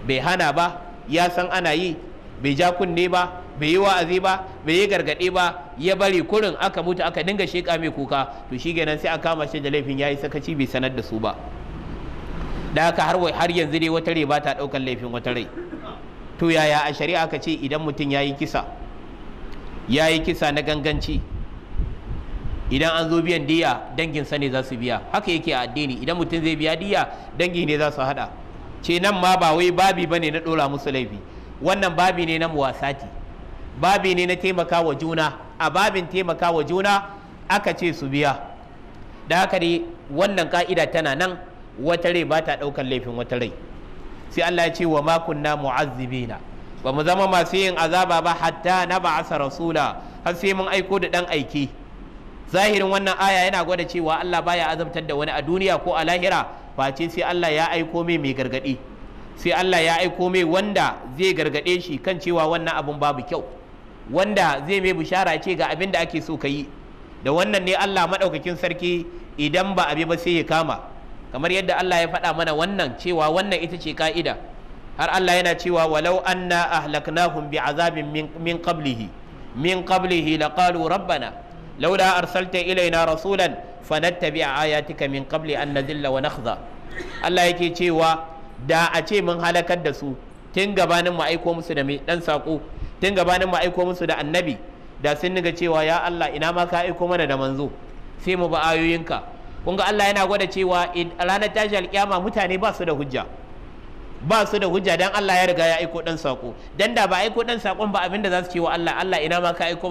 bai hana ba ya san ana yi bai ja kunne ba bai yi wa'azi ba bai yi gargaɗe ba ya bari kurin aka mutu aka dinga sheƙa mai kuka to shi kenan sai a kama shi da laifin ya yi sakaci bai sanar da su ba da aka har har yanzu dai wata rai ba ta ɗaukar laifin wata rai to yaya a shari'a ka ce idan mutum ya yi kisa ya yi kisa na ganganci idan an zo biyan diya dangin sa ne za su biya haka yake a addini idan mutum zai biya diya dangi ne za su hada ce nan ma ba wai babi bane na dora musu laifi wannan babi ne na muwasati babi ne na taimaka wa juna a babin taimaka wa juna aka ce su biya da haka ne wannan ka'ida tana nan wata rai ba ta ɗaukar laifin wata rai sai Allah ya ce wa ma kunna mu'azzibina ba mu zama masu yin azaba ba hatta na ba'asa rasula har sai mun aiko da dan aiki zahirin wannan aya yana gwada cewa Allah baya azabtar da wani a duniya ko a lahira face sai Allah ya aiko mai mai gargadi sai Allah ya aiko mai wanda zai gargade shi kan cewa wannan abun babu kyau wanda zai mai bishara ce ga abin da ake so ka yi da wannan ne Allah madaukakin sarki idan ba abi ba sai ya kama kamar yadda Allah ya faɗa mana wannan cewa wannan ita ce ka'ida har Allah yana cewa walau anna ahlaknahum bi azabin min qablihi min qablihi laqalu rabbana laula arsalta ilaina rasulan fanattabi'a aya min qabli an nazilla wa nakhza Allah yake cewa da a ce mun halakar da su tun gabanin mu aiko musu da mai dan sako tun gabanin mu aiko musu da annabi da sun niga cewa ya Allah ina ma ka aiko mana da manzo sai mu ba ayoyinka kun ga Allah yana gwada cewa ranar tashi alkiyama mutane ba su da hujja ba Allah ya riga ya aiko dan da ba aiko ba abinda za su wa Allah Allah ina ma ka aiko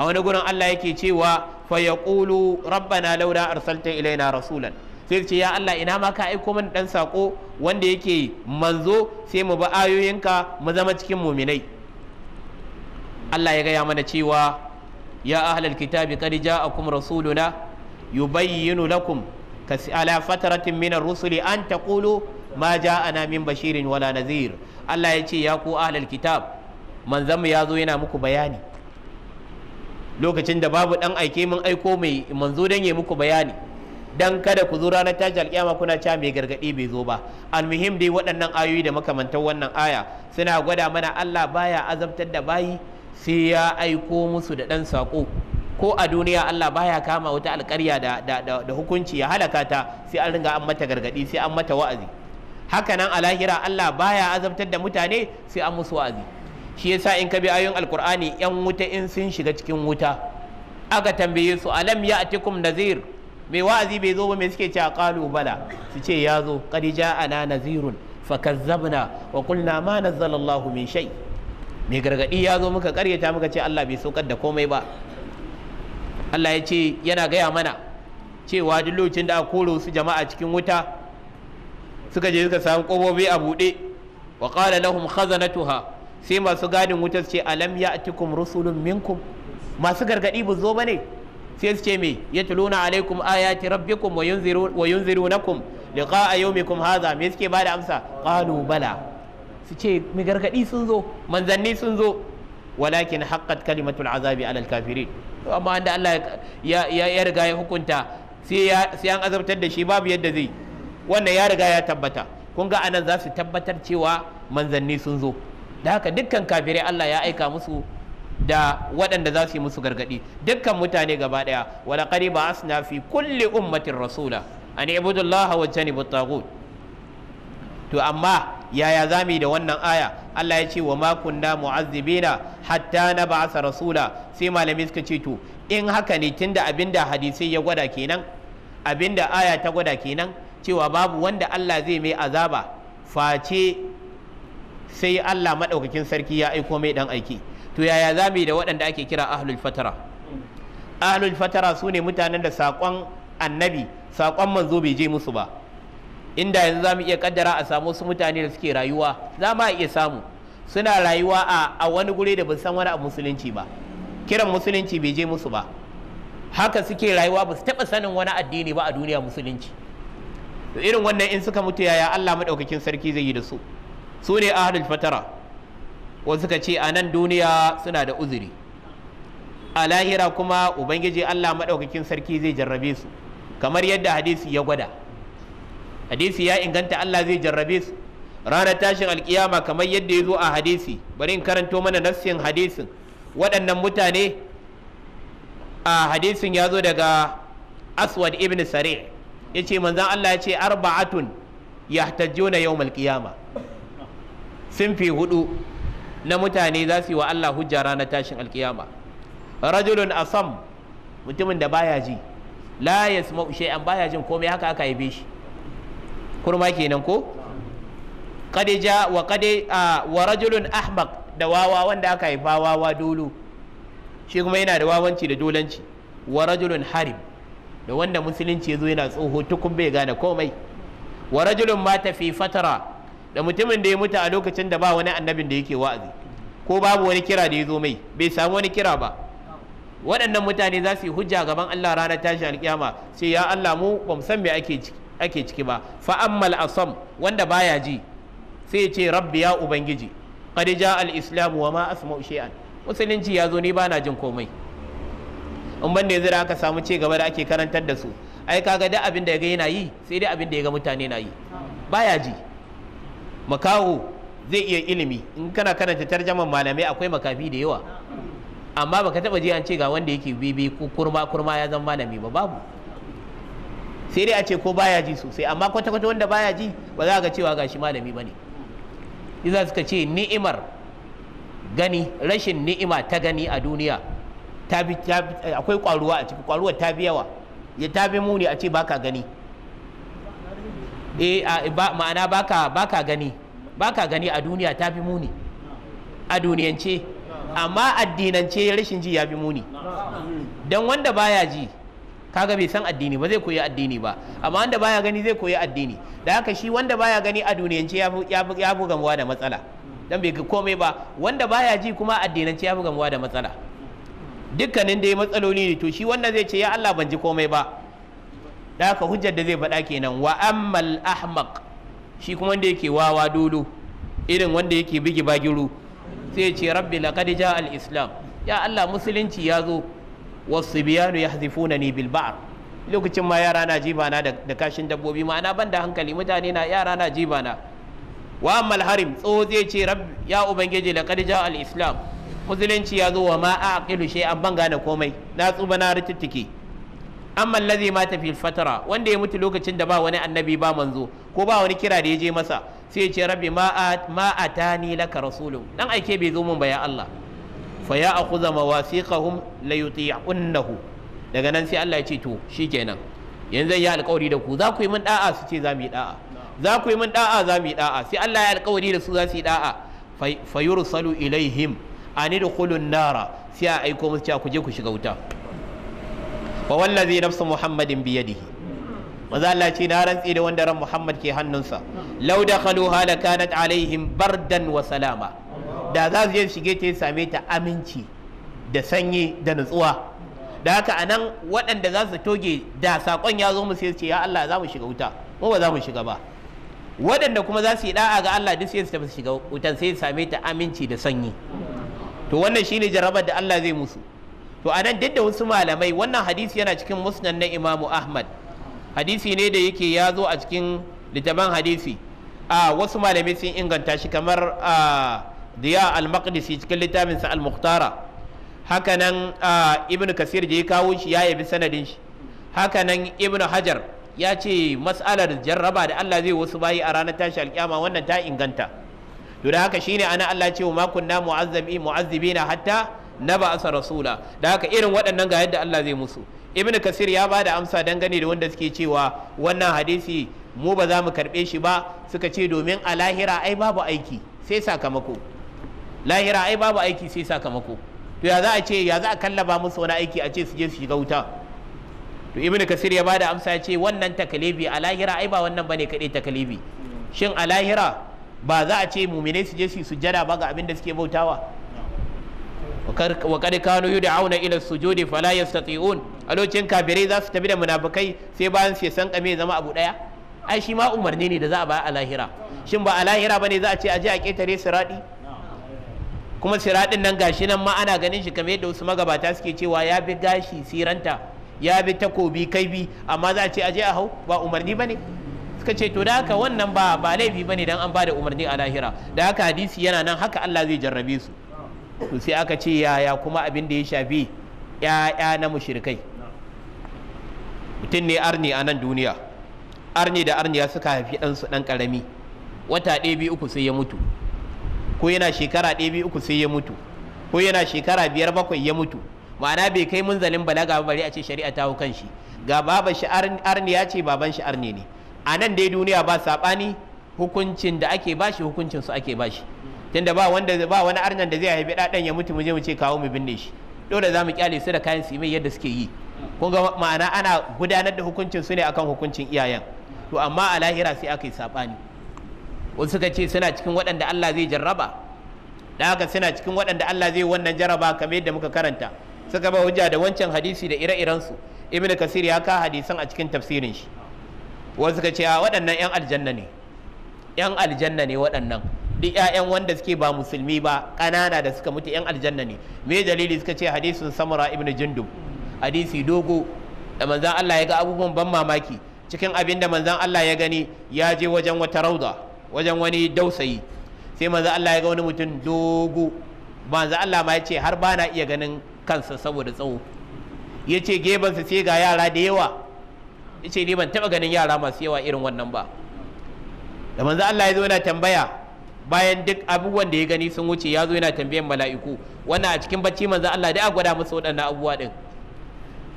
a wani gurin Allah yake cewa fa yaqulu rabbana laula arsalta ilaina rasulan sai ce ya Allah ina ma ka aiko min dan sako wanda yake manzo sai mu bi ayoyinka mu zama cikin muminai Allah ya gaya mana cewa ya ahlal kitabi qad ja'akum rasuluna yubayyinu lakum ala fataratin min rusuli an taqulu ma ja'ana min bashirin wala nazir Allah ya ce ya ku ahlal kitab manzon mu ya zo yana muku bayani lokacin da babu dan aike mun aiko mai manzo dan ya muku bayani dan kada ku zo ranar tashi alkiyama kuna cewa mai gargadi bai zo ba almuhim dai waɗannan ayoyi da makamantar wannan aya suna gwada mana Allah baya azabtar da bayi sai ya aiko musu da dan sako ko a duniya Allah baya kama wata alƙarya da, da, da, da hukunci ya halaka ta sai an ringa an mata gargadi sai an mata wa'azi hakanan a lahira Allah baya azabtar da mutane sai an musu wa'azi shi yasa in ka bi ayoyin alkur'ani yan wuta in sun shiga cikin wuta aka tambaye su alam ya atikum nazir mai wa'azi bai zo ba mai suke cewa qalu bala su ce ya zo qad ja'ana nazirun fakazzabna wa qulna ma nazzala Allahu min shay mai gargadi ya zo muka karyata muka ce Allah bai saukar da komai ba Allah ya ce yana gaya mana cewa duk lokacin da aka koro su jama'a cikin wuta suka je suka samu kobobi a buɗe wa qala lahum khazanatuha sai masu gadin wutar ce alam ya atikum rusulun minkum masu gargadi bu zo ba ne sai su ce me tuluna alaikum ayati rabbikum wa yunziru kum yunzirunakum liqa'a yawmikum hadha me suke bada amsa qalu bala su ce mi gargadi sun zo manzanni sun zo walakin haqqat kalimatul azabi alal kafirin to amma da Allah ya ya riga ya hukunta sai an azabtar da shi babu yadda zai wannan ya riga ya tabbata kun ga anan za su tabbatar cewa manzanni sun zo da haka dukkan kafirai Allah ya aika musu da waɗanda za su yi musu gargaɗi dukkan mutane gaba ɗaya wala qad ba'asna fi kulli ummatin rasula an ibudullaha wa janibu tagut to amma yaya zamu da wannan aya Allah ya ce wa ma kunna mu'azzibina hatta na ba'asa rasula sai malami suka ce to in haka ne tunda abinda hadisi ya gwada kenan abinda aya ta gwada kenan cewa babu wanda Allah zai mai azaba face sai Allah maɗaukakin sarki ya aiko mai ɗan aiki to yaya za mu yi da waɗanda ake kira ahlul fatara ahlul fatara su ne mutanen da saƙon annabi saƙon manzo bai je musu ba inda yanzu za mu iya kaddara a samu wasu mutane da suke rayuwa za mu iya samu suna rayuwa a wani guri da ba san wani abu musulunci ba kiran musulunci bai je musu ba haka suke rayuwa ba su taɓa sanin wani addini ba a duniya musulunci irin wannan in suka mutu yaya Allah maɗaukakin sarki zai yi da su su ne ahlul fatara wasu ka ce a nan duniya suna da uzuri a lahira kuma ubangiji allah maɗaukakin sarki zai jarrabe su kamar yadda hadisi ya gwada hadisi ya inganta allah zai jarrabe su ranar tashin alkiyama kamar yadda ya zo a hadisi bari in karanto mana nassin hadisin waɗannan mutane a hadisin ya zo daga aswad ibn sare ya ce manzan allah ya ce arba'atun yahtajjuna yau qiyama sinfi hudu na mutane za su yi wa Allah hujja ranar tashin alkiyama rajulun asam mutumin da baya ji la yasma'u shay'an baya jin komai haka aka yabe shi kurma kenan ko kadija ja wa a wa rajulun ahmak da wawa wanda aka yi ba wawa dolo shi kuma yana da wawanci da dolanci wa rajulun harim da wanda musulunci ya zo yana tsoho tukun bai gane komai wa rajulun mata fi fatara da mutumin da ya mutu a lokacin da ba wani annabin da yake wa'azi ko babu wani kira da ya zo mai bai samu wani kira ba waɗannan mutane za su yi hujja gaban Allah ranar tashi alƙiyama sai ya Allah mu ba mu san me ake ciki ake ciki ba fa ammal asam wanda baya ji sai ya ce rabbi ya ubangiji qad ja al islam wa ma asma shay'an musulunci ya zo ni bana jin komai in ban da yanzu da aka samu ci gaba da ake karantar da su ai kaga duk abin da ya ga yana yi sai dai abin da ya ga mutane na yi baya ji makaho zai iya ilimi in kana kana karanta tarjaman malamai akwai makafi da yawa amma baka taba ji an ce ga wanda yake bibi ko kurma kurma ya zama malami ba babu sai dai a ce ko baya ji sosai amma kwata kwata wanda baya ji ba za ga cewa gashi malami bane idan suka ce ni'imar gani rashin ni'ima ta gani a duniya akwai kwaruwa a ciki kwaruwar ta bi yawa ya ta bi muni a ce baka gani eh, ma'ana baka baka gani ba ka gani a duniya ta fi muni a duniyance amma addinance rashin ji ya fi muni don wanda baya ji kaga bai san addini ba zai koyi addini ba amma wanda baya gani zai koyi addini da haka shi wanda baya gani a duniyance ya fi gamuwa da matsala don bai komai ba wanda baya ji kuma addinance ya fi gamuwa da matsala dukkanin dai matsaloli ne to shi wanda zai ce ya Allah ban ji komai ba da haka hujjar da zai faɗa kenan wa ammal ahmaq shi kuma wanda yake wawa dodo irin wanda yake bigi bagiru sai ce rabbi laqad jaa al-islam ya Allah musulunci ya zo wasu biyanu yahdifuna ni bil ba'r lokacin ma yara na jiba na da kashin dabbobi ma'ana banda hankali mutane na yara na jiba na wa harim tso zai ce rabbi ya ubangiji laqad jaa al-islam musulunci ya zo wa ma aqilu shay'an ban gane komai na tsuba na rikittike amma allazi mata fil fatara wanda ya mutu lokacin da ba wani annabi ba manzo ko ba wani kira da ya je masa sai ya ce rabbi ma atani laka rasulun dan aike bai zo mun ba ya Allah fa ya a akhudha mawasiqahum la yuti'unnahu daga nan sai Allah ya ce to shikenan yanzu ya alƙawari da ku za ku yi min da'a su ce za mu yi da'a za ku yi min da'a za mu yi da'a sai Allah ya alƙawari da su za su yi da'a fa yursalu ilaihim an idkhulun nara sai a aiko musu cewa ku je ku shiga wuta wa wallazi nafsu muhammadin biyadihi maza Allah ce na rantsi da wanda ran Muhammad ke hannunsa law dakhalu hala kanat alaihim bardan wa salama da za su je shige ta same ta aminci da sanyi da nutsuwa da haka anan waɗanda za su toge da sakon ya zo mu sai ce ya Allah za mu shiga wuta ko ba za mu shiga ba waɗanda kuma za su yi da'a ga Allah duk sai su tafi shiga wutan sai su same ta aminci da sanyi to wannan shine jarabar da Allah zai musu to anan duk da wasu malamai wannan hadisi yana cikin musnad na imamu ahmad hadisi ne da yake ya zo a cikin littafin hadisi a wasu malamai sun inganta shi kamar a diya al-maqdisi cikin littafinsa al-muhtara hakanan ibnu kasir da ya kawo shi ya yabi sanadin shi hakanan ibnu hajar ya ce mas'alar jarraba da Allah zai wasu bayi a ranar tashi alkiyama wannan ta inganta to da haka shine ana Allah ce wa ma kunna mu'azzabi mu'azzibina hatta na ba asa rasula da haka irin waɗannan ga yadda Allah zai musu ibn kasir ya bada amsa dangane da wanda suke cewa wannan hadisi mu ba za mu karɓe shi ba suka ce domin a lahira ai babu aiki sai sakamako lahira ai babu aiki sai sakamako to ya za a ce ya za a kallaba musu wani aiki a ce su je su shiga wuta to ibn kasir ya bada amsa ce wannan takalibi a lahira ai ba wannan bane kaɗai takalibi shin a lahira ba za a ce mumine su je su sujjada ba ga abin da suke bautawa wa kad kanu yud'auna ila sujudi fala yastati'un a lokacin kafirai za su tafi da munafukai sai bayan sai san kame zama abu daya ai shi ma umarni ne da za a ba a lahira shin ba a lahira ne za a ce a ji a ketare siradi kuma siradin nan gashi nan ma ana ganin shi kamar yadda wasu magabata suke cewa ya bi gashi siranta ya bi takobi kai bi. amma za a ce a a hau ba umarni bane suka ce to da haka wannan ba ba laifi bane dan an ba da umarni a lahira da haka hadisi yana nan haka Allah zai jarrabe su to sai aka ce yaya kuma abin da ya shafi ya'ya na mushrikai mutum ne arni a nan duniya arni da arniya suka haifi ɗansu ɗan ƙarami wata ɗaya biyu uku sai ya mutu ko yana shekara ɗaya biyu uku sai ya mutu ko yana shekara biyar bakwai ya mutu ma'ana bai kai mun munzalin balaga ba bari a ce shari'a ta kan shi ga baban shi ya ce baban shi arni ne a nan dai duniya ba saɓani hukuncin da ake bashi hukuncin su ake bashi tunda ba wanda ba wani arnan da zai haifi ɗaɗan ya mutu mu je mu ce kawo mu binne shi dole za mu kyale su da kayan su mai yadda suke yi kun ga ma'ana ana gudanar da hukuncin su ne akan hukuncin iyayen to amma a lahira sai aka yi saɓani wasu suka ce suna cikin waɗanda Allah zai jarraba da haka suna cikin waɗanda Allah zai wannan jarraba kamar yadda muka karanta suka ba hujja da wancan hadisi da ire-irensu ibnu kasir ya ka hadisan a cikin tafsirin shi wasu suka ce a waɗannan 'yan aljanna ne 'yan aljanna ne waɗannan duk ƴaƴan wanda suke ba musulmi ba ƙanana da suka mutu ƴan aljanna ne me dalili suka ce hadisin samura Ibn jundub hadisi dogo da manzan Allah ya ga abubuwan ban mamaki cikin abin da manzan Allah ya gani ya je wajen wata rauda wajen wani dausayi sai manzon Allah ya ga wani mutum dogo manzon Allah ma ya ce har bana iya ganin kansa saboda tsawo ya ce gebansa sai ga yara da yawa ya ce ni ban taɓa ganin yara masu yawa irin wannan ba da manzon Allah ya zo na tambaya bayan duk abubuwan da ya gani sun wuce ya zo yana tambayan mala'iku wannan a cikin bacci manzo Allah da a gwada musu waɗannan abubuwa din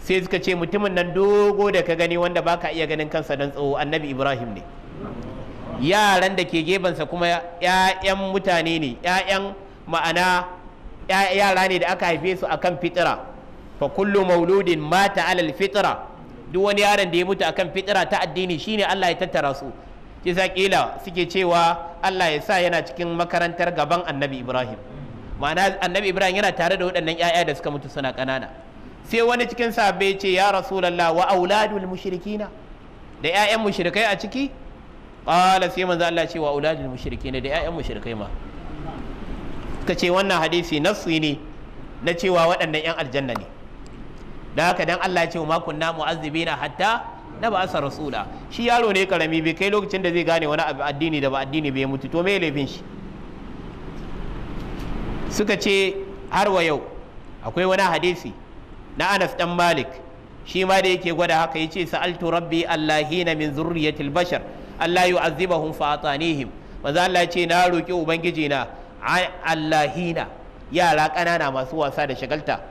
sai suka ce mutumin nan dogo da ka gani wanda baka iya ganin kansa dan tsawo annabi Ibrahim ne yaran da ke gebansa kuma ‘ya'yan mutane ne ‘ya'yan ma'ana yara ne da aka haife su akan fitira fa kullu mauludin mata alal fitira duk wani yaron da ya mutu akan fitira ta addini shine Allah ya tattara su kisa kila suke cewa Allah ya sa yana cikin makarantar gaban annabi Ibrahim ma'ana annabi Ibrahim yana tare da waɗannan 'ya'ya da suka mutu suna ƙanana sai wani cikin sahabbai ce ya rasulullah wa auladul mushrikina da ƴaƴan mushrikai a ciki qala sai manzo Allah ce wa auladul mushrikina da ƴaƴan mushrikai ma suka ce wannan hadisi nassi ne na cewa waɗannan 'yan aljanna ne da haka dan Allah ya ce wa ma kunna mu'azzibina hatta na ba asa rasula shi yaro ne karami bai kai lokacin da zai gane wani abu addini da ba addini bai mutu to me laifin shi suka ce har wa yau akwai wani hadisi na Anas dan Malik shi ma da yake gwada haka yace sa'altu rabbi allahina min zurriyatil bashar allah yu'azzibahum fa atanihim manzo Allah ce na roki ubangiji na allahina yara ƙanana masu wasa da shagalta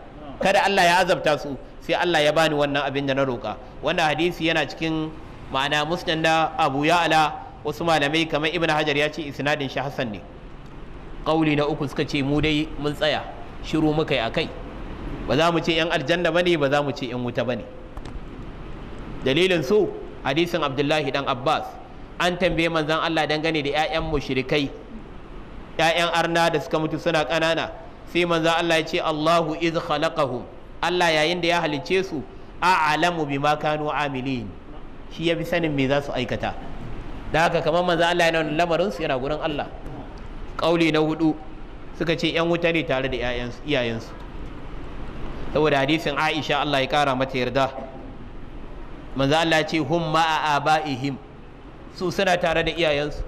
kada Allah ya azabta su sai Allah ya bani wannan abin da na roƙa wannan hadisi yana cikin ma'ana musnad da Abu Ya'la wasu malamai kamar Ibn Hajar ya ce isnadin shi Hassan ne kauli na uku suka ce mu dai mun tsaya shiru muka yi akai ba za mu ce yan aljanna bane ba za mu ce yan wuta bane dalilin su hadisin Abdullahi dan Abbas an tambaye manzon Allah dangane da 'ya'yan mushrikai 'ya'yan arna da suka mutu suna ƙanana sai manzon Allah ya ce Allahu iz khalaqahum Allah yayin da ya halicce su a'lamu bima kanu amilin shi ya fi sanin me za su aikata da haka kamar manzo Allah yana wannan lamarin su yana gurin Allah kauli na hudu suka ce yan wuta ne tare da iyayensu saboda hadisin Aisha Allah ya kara mata yarda manzo Allah ce hum ma'a abaihim su suna tare da iyayensu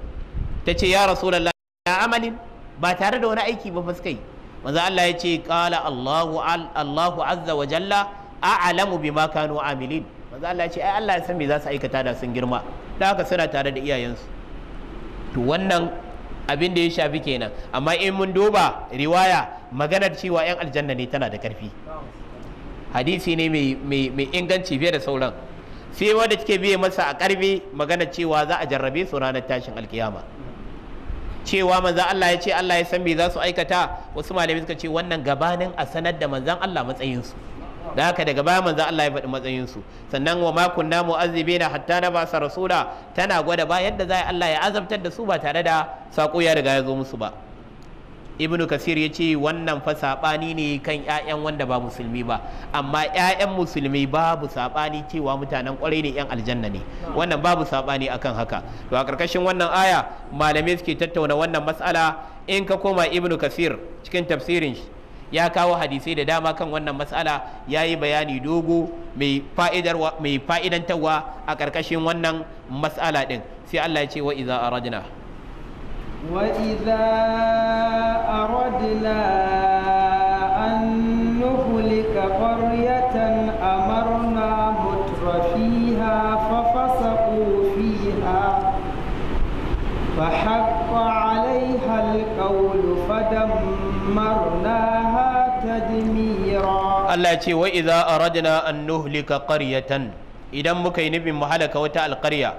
tace ya rasulullahi ya amalin ba tare da wani aiki ba fa suka yi manzo Allah ya ce qala Allahu Allahu azza wa jalla a'lamu bima kanu amilin manzo Allah ya ce ai Allah ya san me za su aikata da sun girma da haka suna tare da iyayensu to wannan abin da ya shafi kenan amma in mun duba riwaya maganar cewa yan aljanna ne tana da karfi hadisi ne mai inganci fiye da sauran sai wanda take biye masa a karbe maganar cewa za a jarrabe su ranar tashin alkiyama cewa manzan Allah ya ce Allah ya san me za su aikata wasu malami suka ce wannan gabanin a sanar da manzan Allah matsayinsu da haka daga baya manzan Allah ya faɗi matsayinsu sannan wa ma kunna na hatta na basa rasula tana gwada ba yadda za Allah ya azabtar da su ba tare da sako ya riga ya zo musu ba ibnu kasir ya ce wannan fa saɓani ne kan 'ya'yan wanda ba musulmi ba amma 'ya'yan musulmi babu saɓani cewa mutanen kwarai ne 'yan aljanna ne wannan babu saɓani akan haka to a ƙarƙashin wannan aya malamai suke tattauna wannan matsala in ka koma ibnu kasir cikin tafsirin shi ya kawo hadisai da dama kan wannan matsala ya yi bayani dogo mai fa'idantarwa a ƙarƙashin wannan matsala ɗin sai Allah ya ce wa iza aradna وإذا أردنا أن نهلك قرية أمرنا متر فيها ففسقوا فيها فحق عليها القول فدمرناها تدميرا الله يقول وإذا أردنا أن نهلك قرية إذا مكينب مهلك وتأل القرية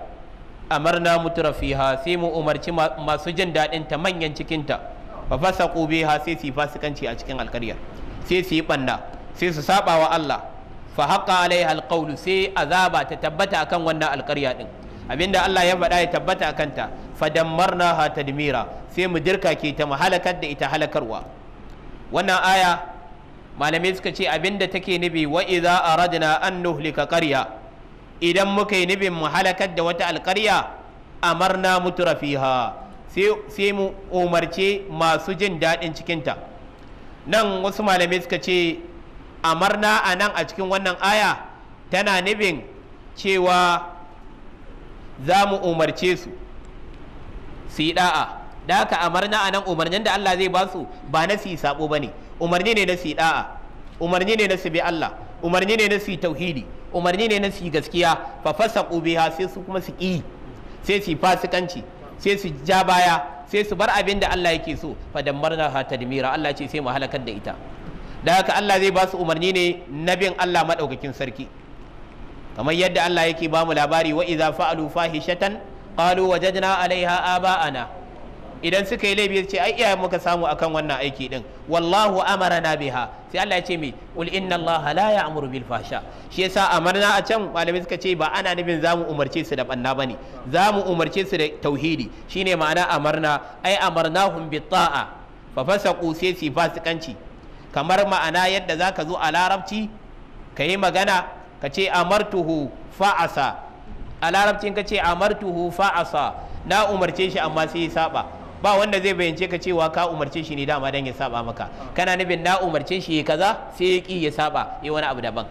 amarna mutura fiha sai mu umarci masu jin daɗin ta manyan cikinta fa fasaqu biha sai su fasikanci a cikin alkarya sai su yi banna sai su saba wa Allah fa haƙa alaiha alqawlu sai azaba ta tabbata akan wannan alƙarya ɗin abinda Allah ya faɗa ya tabbata akan ta fa ha tadmira sai mu dirka ke ta mu halakar da ita halakarwa wannan aya malamai suka ce abinda take nufi wa idza aradna an nuhlika qarya idan muka yi nufin mu halakar da wata alkarya amarna mutura fiha sai mu umarce masu jin daɗin cikinta nan wasu malamai suka ce amarna a nan a cikin wannan aya tana nufin cewa za mu umarce su su yi ɗa'a da haka amarna a nan umarnin da Allah zai ba su ba na su yi sabo ba ne umarni ne na su yi ɗa'a umarni ne na su bi Allah umarni ne na su yi tauhidi umarni ne na su gaskiya fa fasaqu biha sai su kuma su ƙi sai su fasikanci sai su ja baya sai su bar abin da Allah yake so fa marna ha tadmira Allah ce sai mu halakar da ita da haka Allah zai ba su umarni ne na bin Allah madaukakin sarki kamar yadda Allah yake ba mu labari wa idza fa'alu fahishatan qalu wajadna alaiha aba'ana idan suka yi laifi ce ai iyayen muka samu akan wannan aiki din wallahu amarana biha sai Allah ya ce me qul inna Allah la ya'muru bil fahsha shi yasa amarna a can malamai suka ce ba ana nufin zamu umarce su da banna bane zamu umarce su da tauhidi shine ma'ana amarna ai amarnahum bi ta'a fa fasaqu sai su fasikanci kamar ma'ana yadda zaka zo a larabci ka yi magana ka ce amartuhu fa'asa a larabcin ka ce amartuhu fa'asa na umarce shi amma sai ya saba ba wanda zai bayyance ka cewa ka umarce shi ne dama dan ya saba maka kana nufin na umarce shi kaza sai ya ki ya saba ya wani abu daban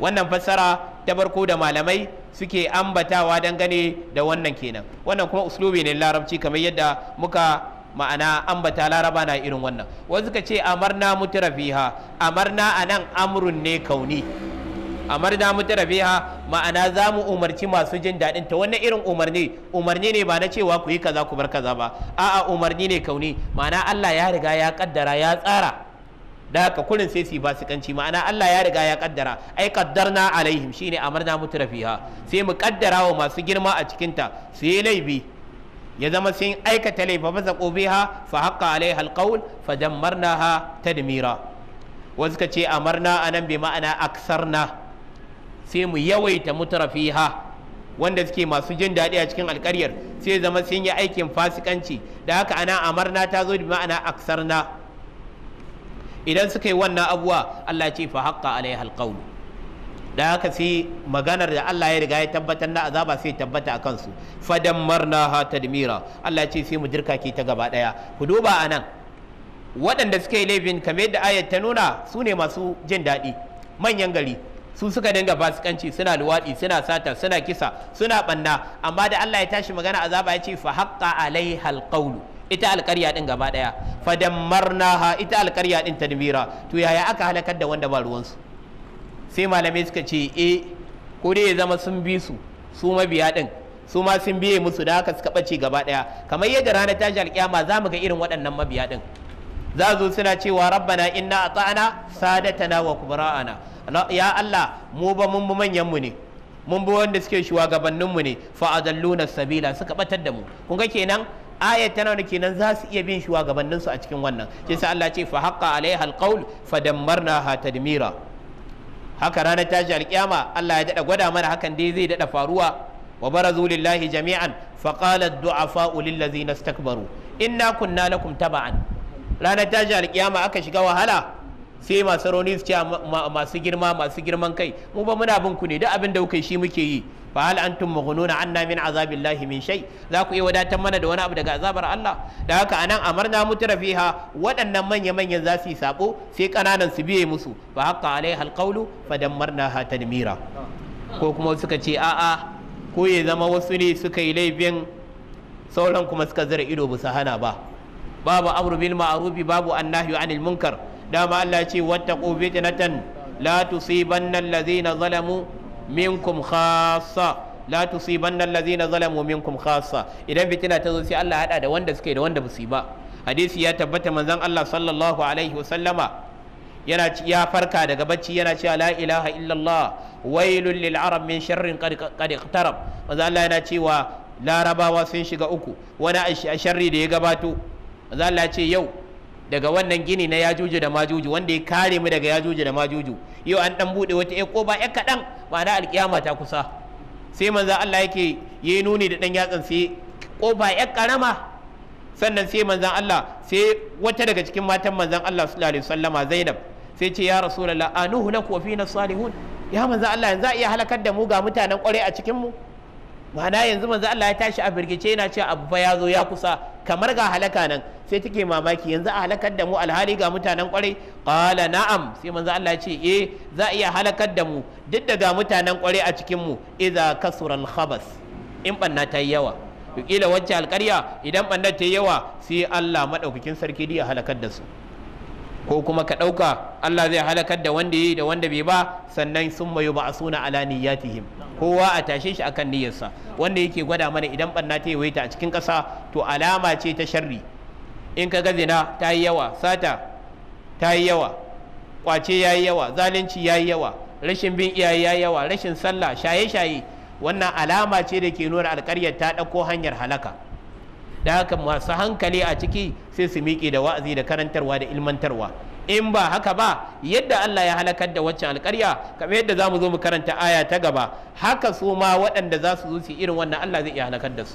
wannan fassara ta farko da malamai suke ambatawa gane da wannan kenan wannan kuma uslubi ne larabci kamar yadda muka ma'ana ambata laraba na irin wannan wasu suka ce amarna mutura fiha amarna anan amrun ne kauni amarna mutara biha ma'ana za mu umarci masu jin daɗin ta wannan irin umarni umarni ne ba na cewa ku yi kaza ku bar kaza ba a'a umarni ne kauni ma'ana Allah ya riga ya kaddara ya tsara da ka kurin sai su fasikanci ma'ana Allah ya riga ya kaddara ai kaddarna alaihim shine amarna mutara biha sai mu kaddara wa masu girma a cikin ta su yi laifi ya zama sun aikata laifa ba zaqu biha fa haƙa alaiha alqawl fa dammarnaha tadmira wasu ka ce amarna anan bi ma'ana aksarna sai mu yawaita mutarafiha wanda suke masu jin daɗi a cikin alƙaryar sai zama sun yi aikin fasikanci da haka ana amarna ta zo da ma'ana aksarna idan suka yi wannan abuwa Allah ce fa haqqa alaiha alqawlu da haka sai maganar da Allah ya riga ya tabbatar na azaba sai tabbata a kansu fadammarna ha tadmira Allah ce sai mu ke ta gaba daya ku duba anan waɗanda suka yi laifin kamar yadda ayat ta nuna su ne masu jin daɗi manyan gari su suka dinga fasikanci suna luwaɗi suna sata suna kisa suna banna amma da Allah ya tashi magana azaba ya ce fa haqqa alaiha alqawlu ita alƙarya din gaba daya fa dammarnaha ita alƙarya din tadmira to yaya aka halakar da wanda ba ruwansu sai malamai suka ce eh ko dai ya zama sun bi su su mabiya din su ma sun biye musu da haka suka ɓace gaba ɗaya kamar yadda ranar tashi alƙiyama za mu ga irin waɗannan mabiya ɗin za zo suna cewa rabbana inna ata'ana sadatana wa kubra'ana ya Allah mu ba mun bi manyan mu ne mun bi wanda suke shugabannin mu ne fa adalluna sabila suka batar da mu kun ga kenan ayat tana da kenan za su iya bin shugabannin su a cikin wannan shi sa Allah ce fa haqqa alaiha alqaul fa dammarnaha tadmira haka ranar tashi alkiyama Allah ya dada gwada mana hakan dai zai dada faruwa wa barazu lillahi jami'an fa qala ad-du'afa lil ladzina istakbaru inna kunna lakum taba'an ranar tashi alkiyama aka shiga wahala sai masu rauni su ce masu girma masu girman kai mu ba muna bin ku ne duk abin da kuka shi muke yi fa hal antum maghnuna anna min azabillahi min shay za ku iya wadatar mana da wani abu daga azabar Allah da haka anan amarna mutura fiha waɗannan manya manyan za su yi sabo sai kananan su biye musu fa haqqa alaiha alqawlu fa ha tadmira ko kuma suka ce a'a ko ya zama wasu ne suka yi laifin sauran kuma suka zira ido ba hana ba babu amru bil ma'rufi babu annahyu anil munkar dama Allah ce wattaqu fitnatan la tusibanna allazina zalamu minkum khassa la tusibanna allazina zalamu minkum khassa idan fitina ta zo sai Allah hada da wanda suke da wanda basu ba hadisi ya tabbata manzon Allah sallallahu alaihi wasallama yana ya farka daga bacci yana cewa la ilaha illallah wailul lil arab min sharrin qad qad iqtarab manzon Allah yana cewa larabawa sun shiga uku wani a sharri da ya gabato manzo Allah ce yau daga wannan gini na yajuju da majuju wanda ya kare mu daga yajuju da majuju yau an dan bude wata eko ba ƴan kaɗan ma'ana alkiyama ta kusa sai manzo Allah yake yayi nuni da dan yatsan sai kofa ƴan karama sannan sai manzo Allah sai wata daga cikin matan manzo Allah sallallahu alaihi wasallama Zainab sai ce ya rasulullah anuhu lakum wa fina salihun ya manzo Allah yanzu a iya halakar da mu ga mutanen kwarai a cikin mu ma'ana yanzu manzo Allah ya tashi a birgice yana cewa abu fa ya zo ya kusa kamar ga halaka nan sai take mamaki yanzu a halakar da mu alhali ga mutanen kwarai qala na'am sai manzo Allah ya ce eh za a iya halakar da mu duk da ga mutanen kwarai a cikin mu idza kasura al-khabas in banna ta yawa to wacce alƙarya idan banna ta yi yawa sai Allah madaukakin sarki ya halakar da su ko kuma ka ɗauka Allah zai halakar da wanda yi da wanda bai ba sannan sun mayu ba a suna ala niyyatihim kowa a tashe shi akan niyyarsa wanda yake gwada mana idan barna ta yawaita a cikin ƙasa to alama ce ta sharri in ka ga zina ta yi yawa sata ta yi yawa kwace ya yi yawa zalunci ya yi yawa rashin bin iyaye ya yi yawa rashin sallah shaye-shaye wannan alama ce da ke nuna alƙaryar ta ɗauko hanyar halaka da haka masu hankali a ciki sai su miƙe da wa'azi da karantarwa da ilmantarwa in ba haka ba yadda Allah ya halakar da waccan alƙarya kamar yadda za mu zo mu karanta aya ta gaba haka su ma waɗanda za su zo su irin wannan Allah zai iya halakar da su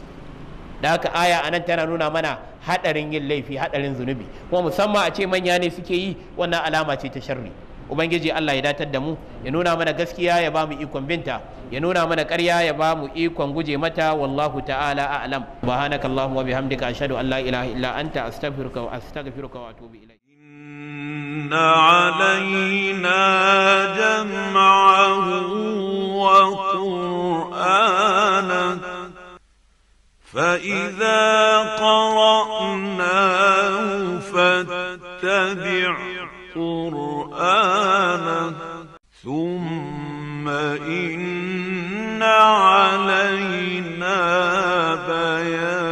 da haka aya a nan tana nuna mana haɗarin yin laifi haɗarin zunubi kuma musamman a ce manya ne suke yi wannan alama ce ta sharri ubangiji Allah ya datar da mu ya nuna mana gaskiya ya ba mu ikon binta ya nuna mana ƙarya ya ba mu ikon guje mata wallahu ta'ala a'lam subhanaka allahumma wa bihamdika ashhadu an la ilaha illa anta astaghfiruka wa astaghfiruka wa atubu ilayk inna alaina jam'ahu wa qur'anak فإذا قرأناه فاتبع قرآنه ثم إن علينا بيانه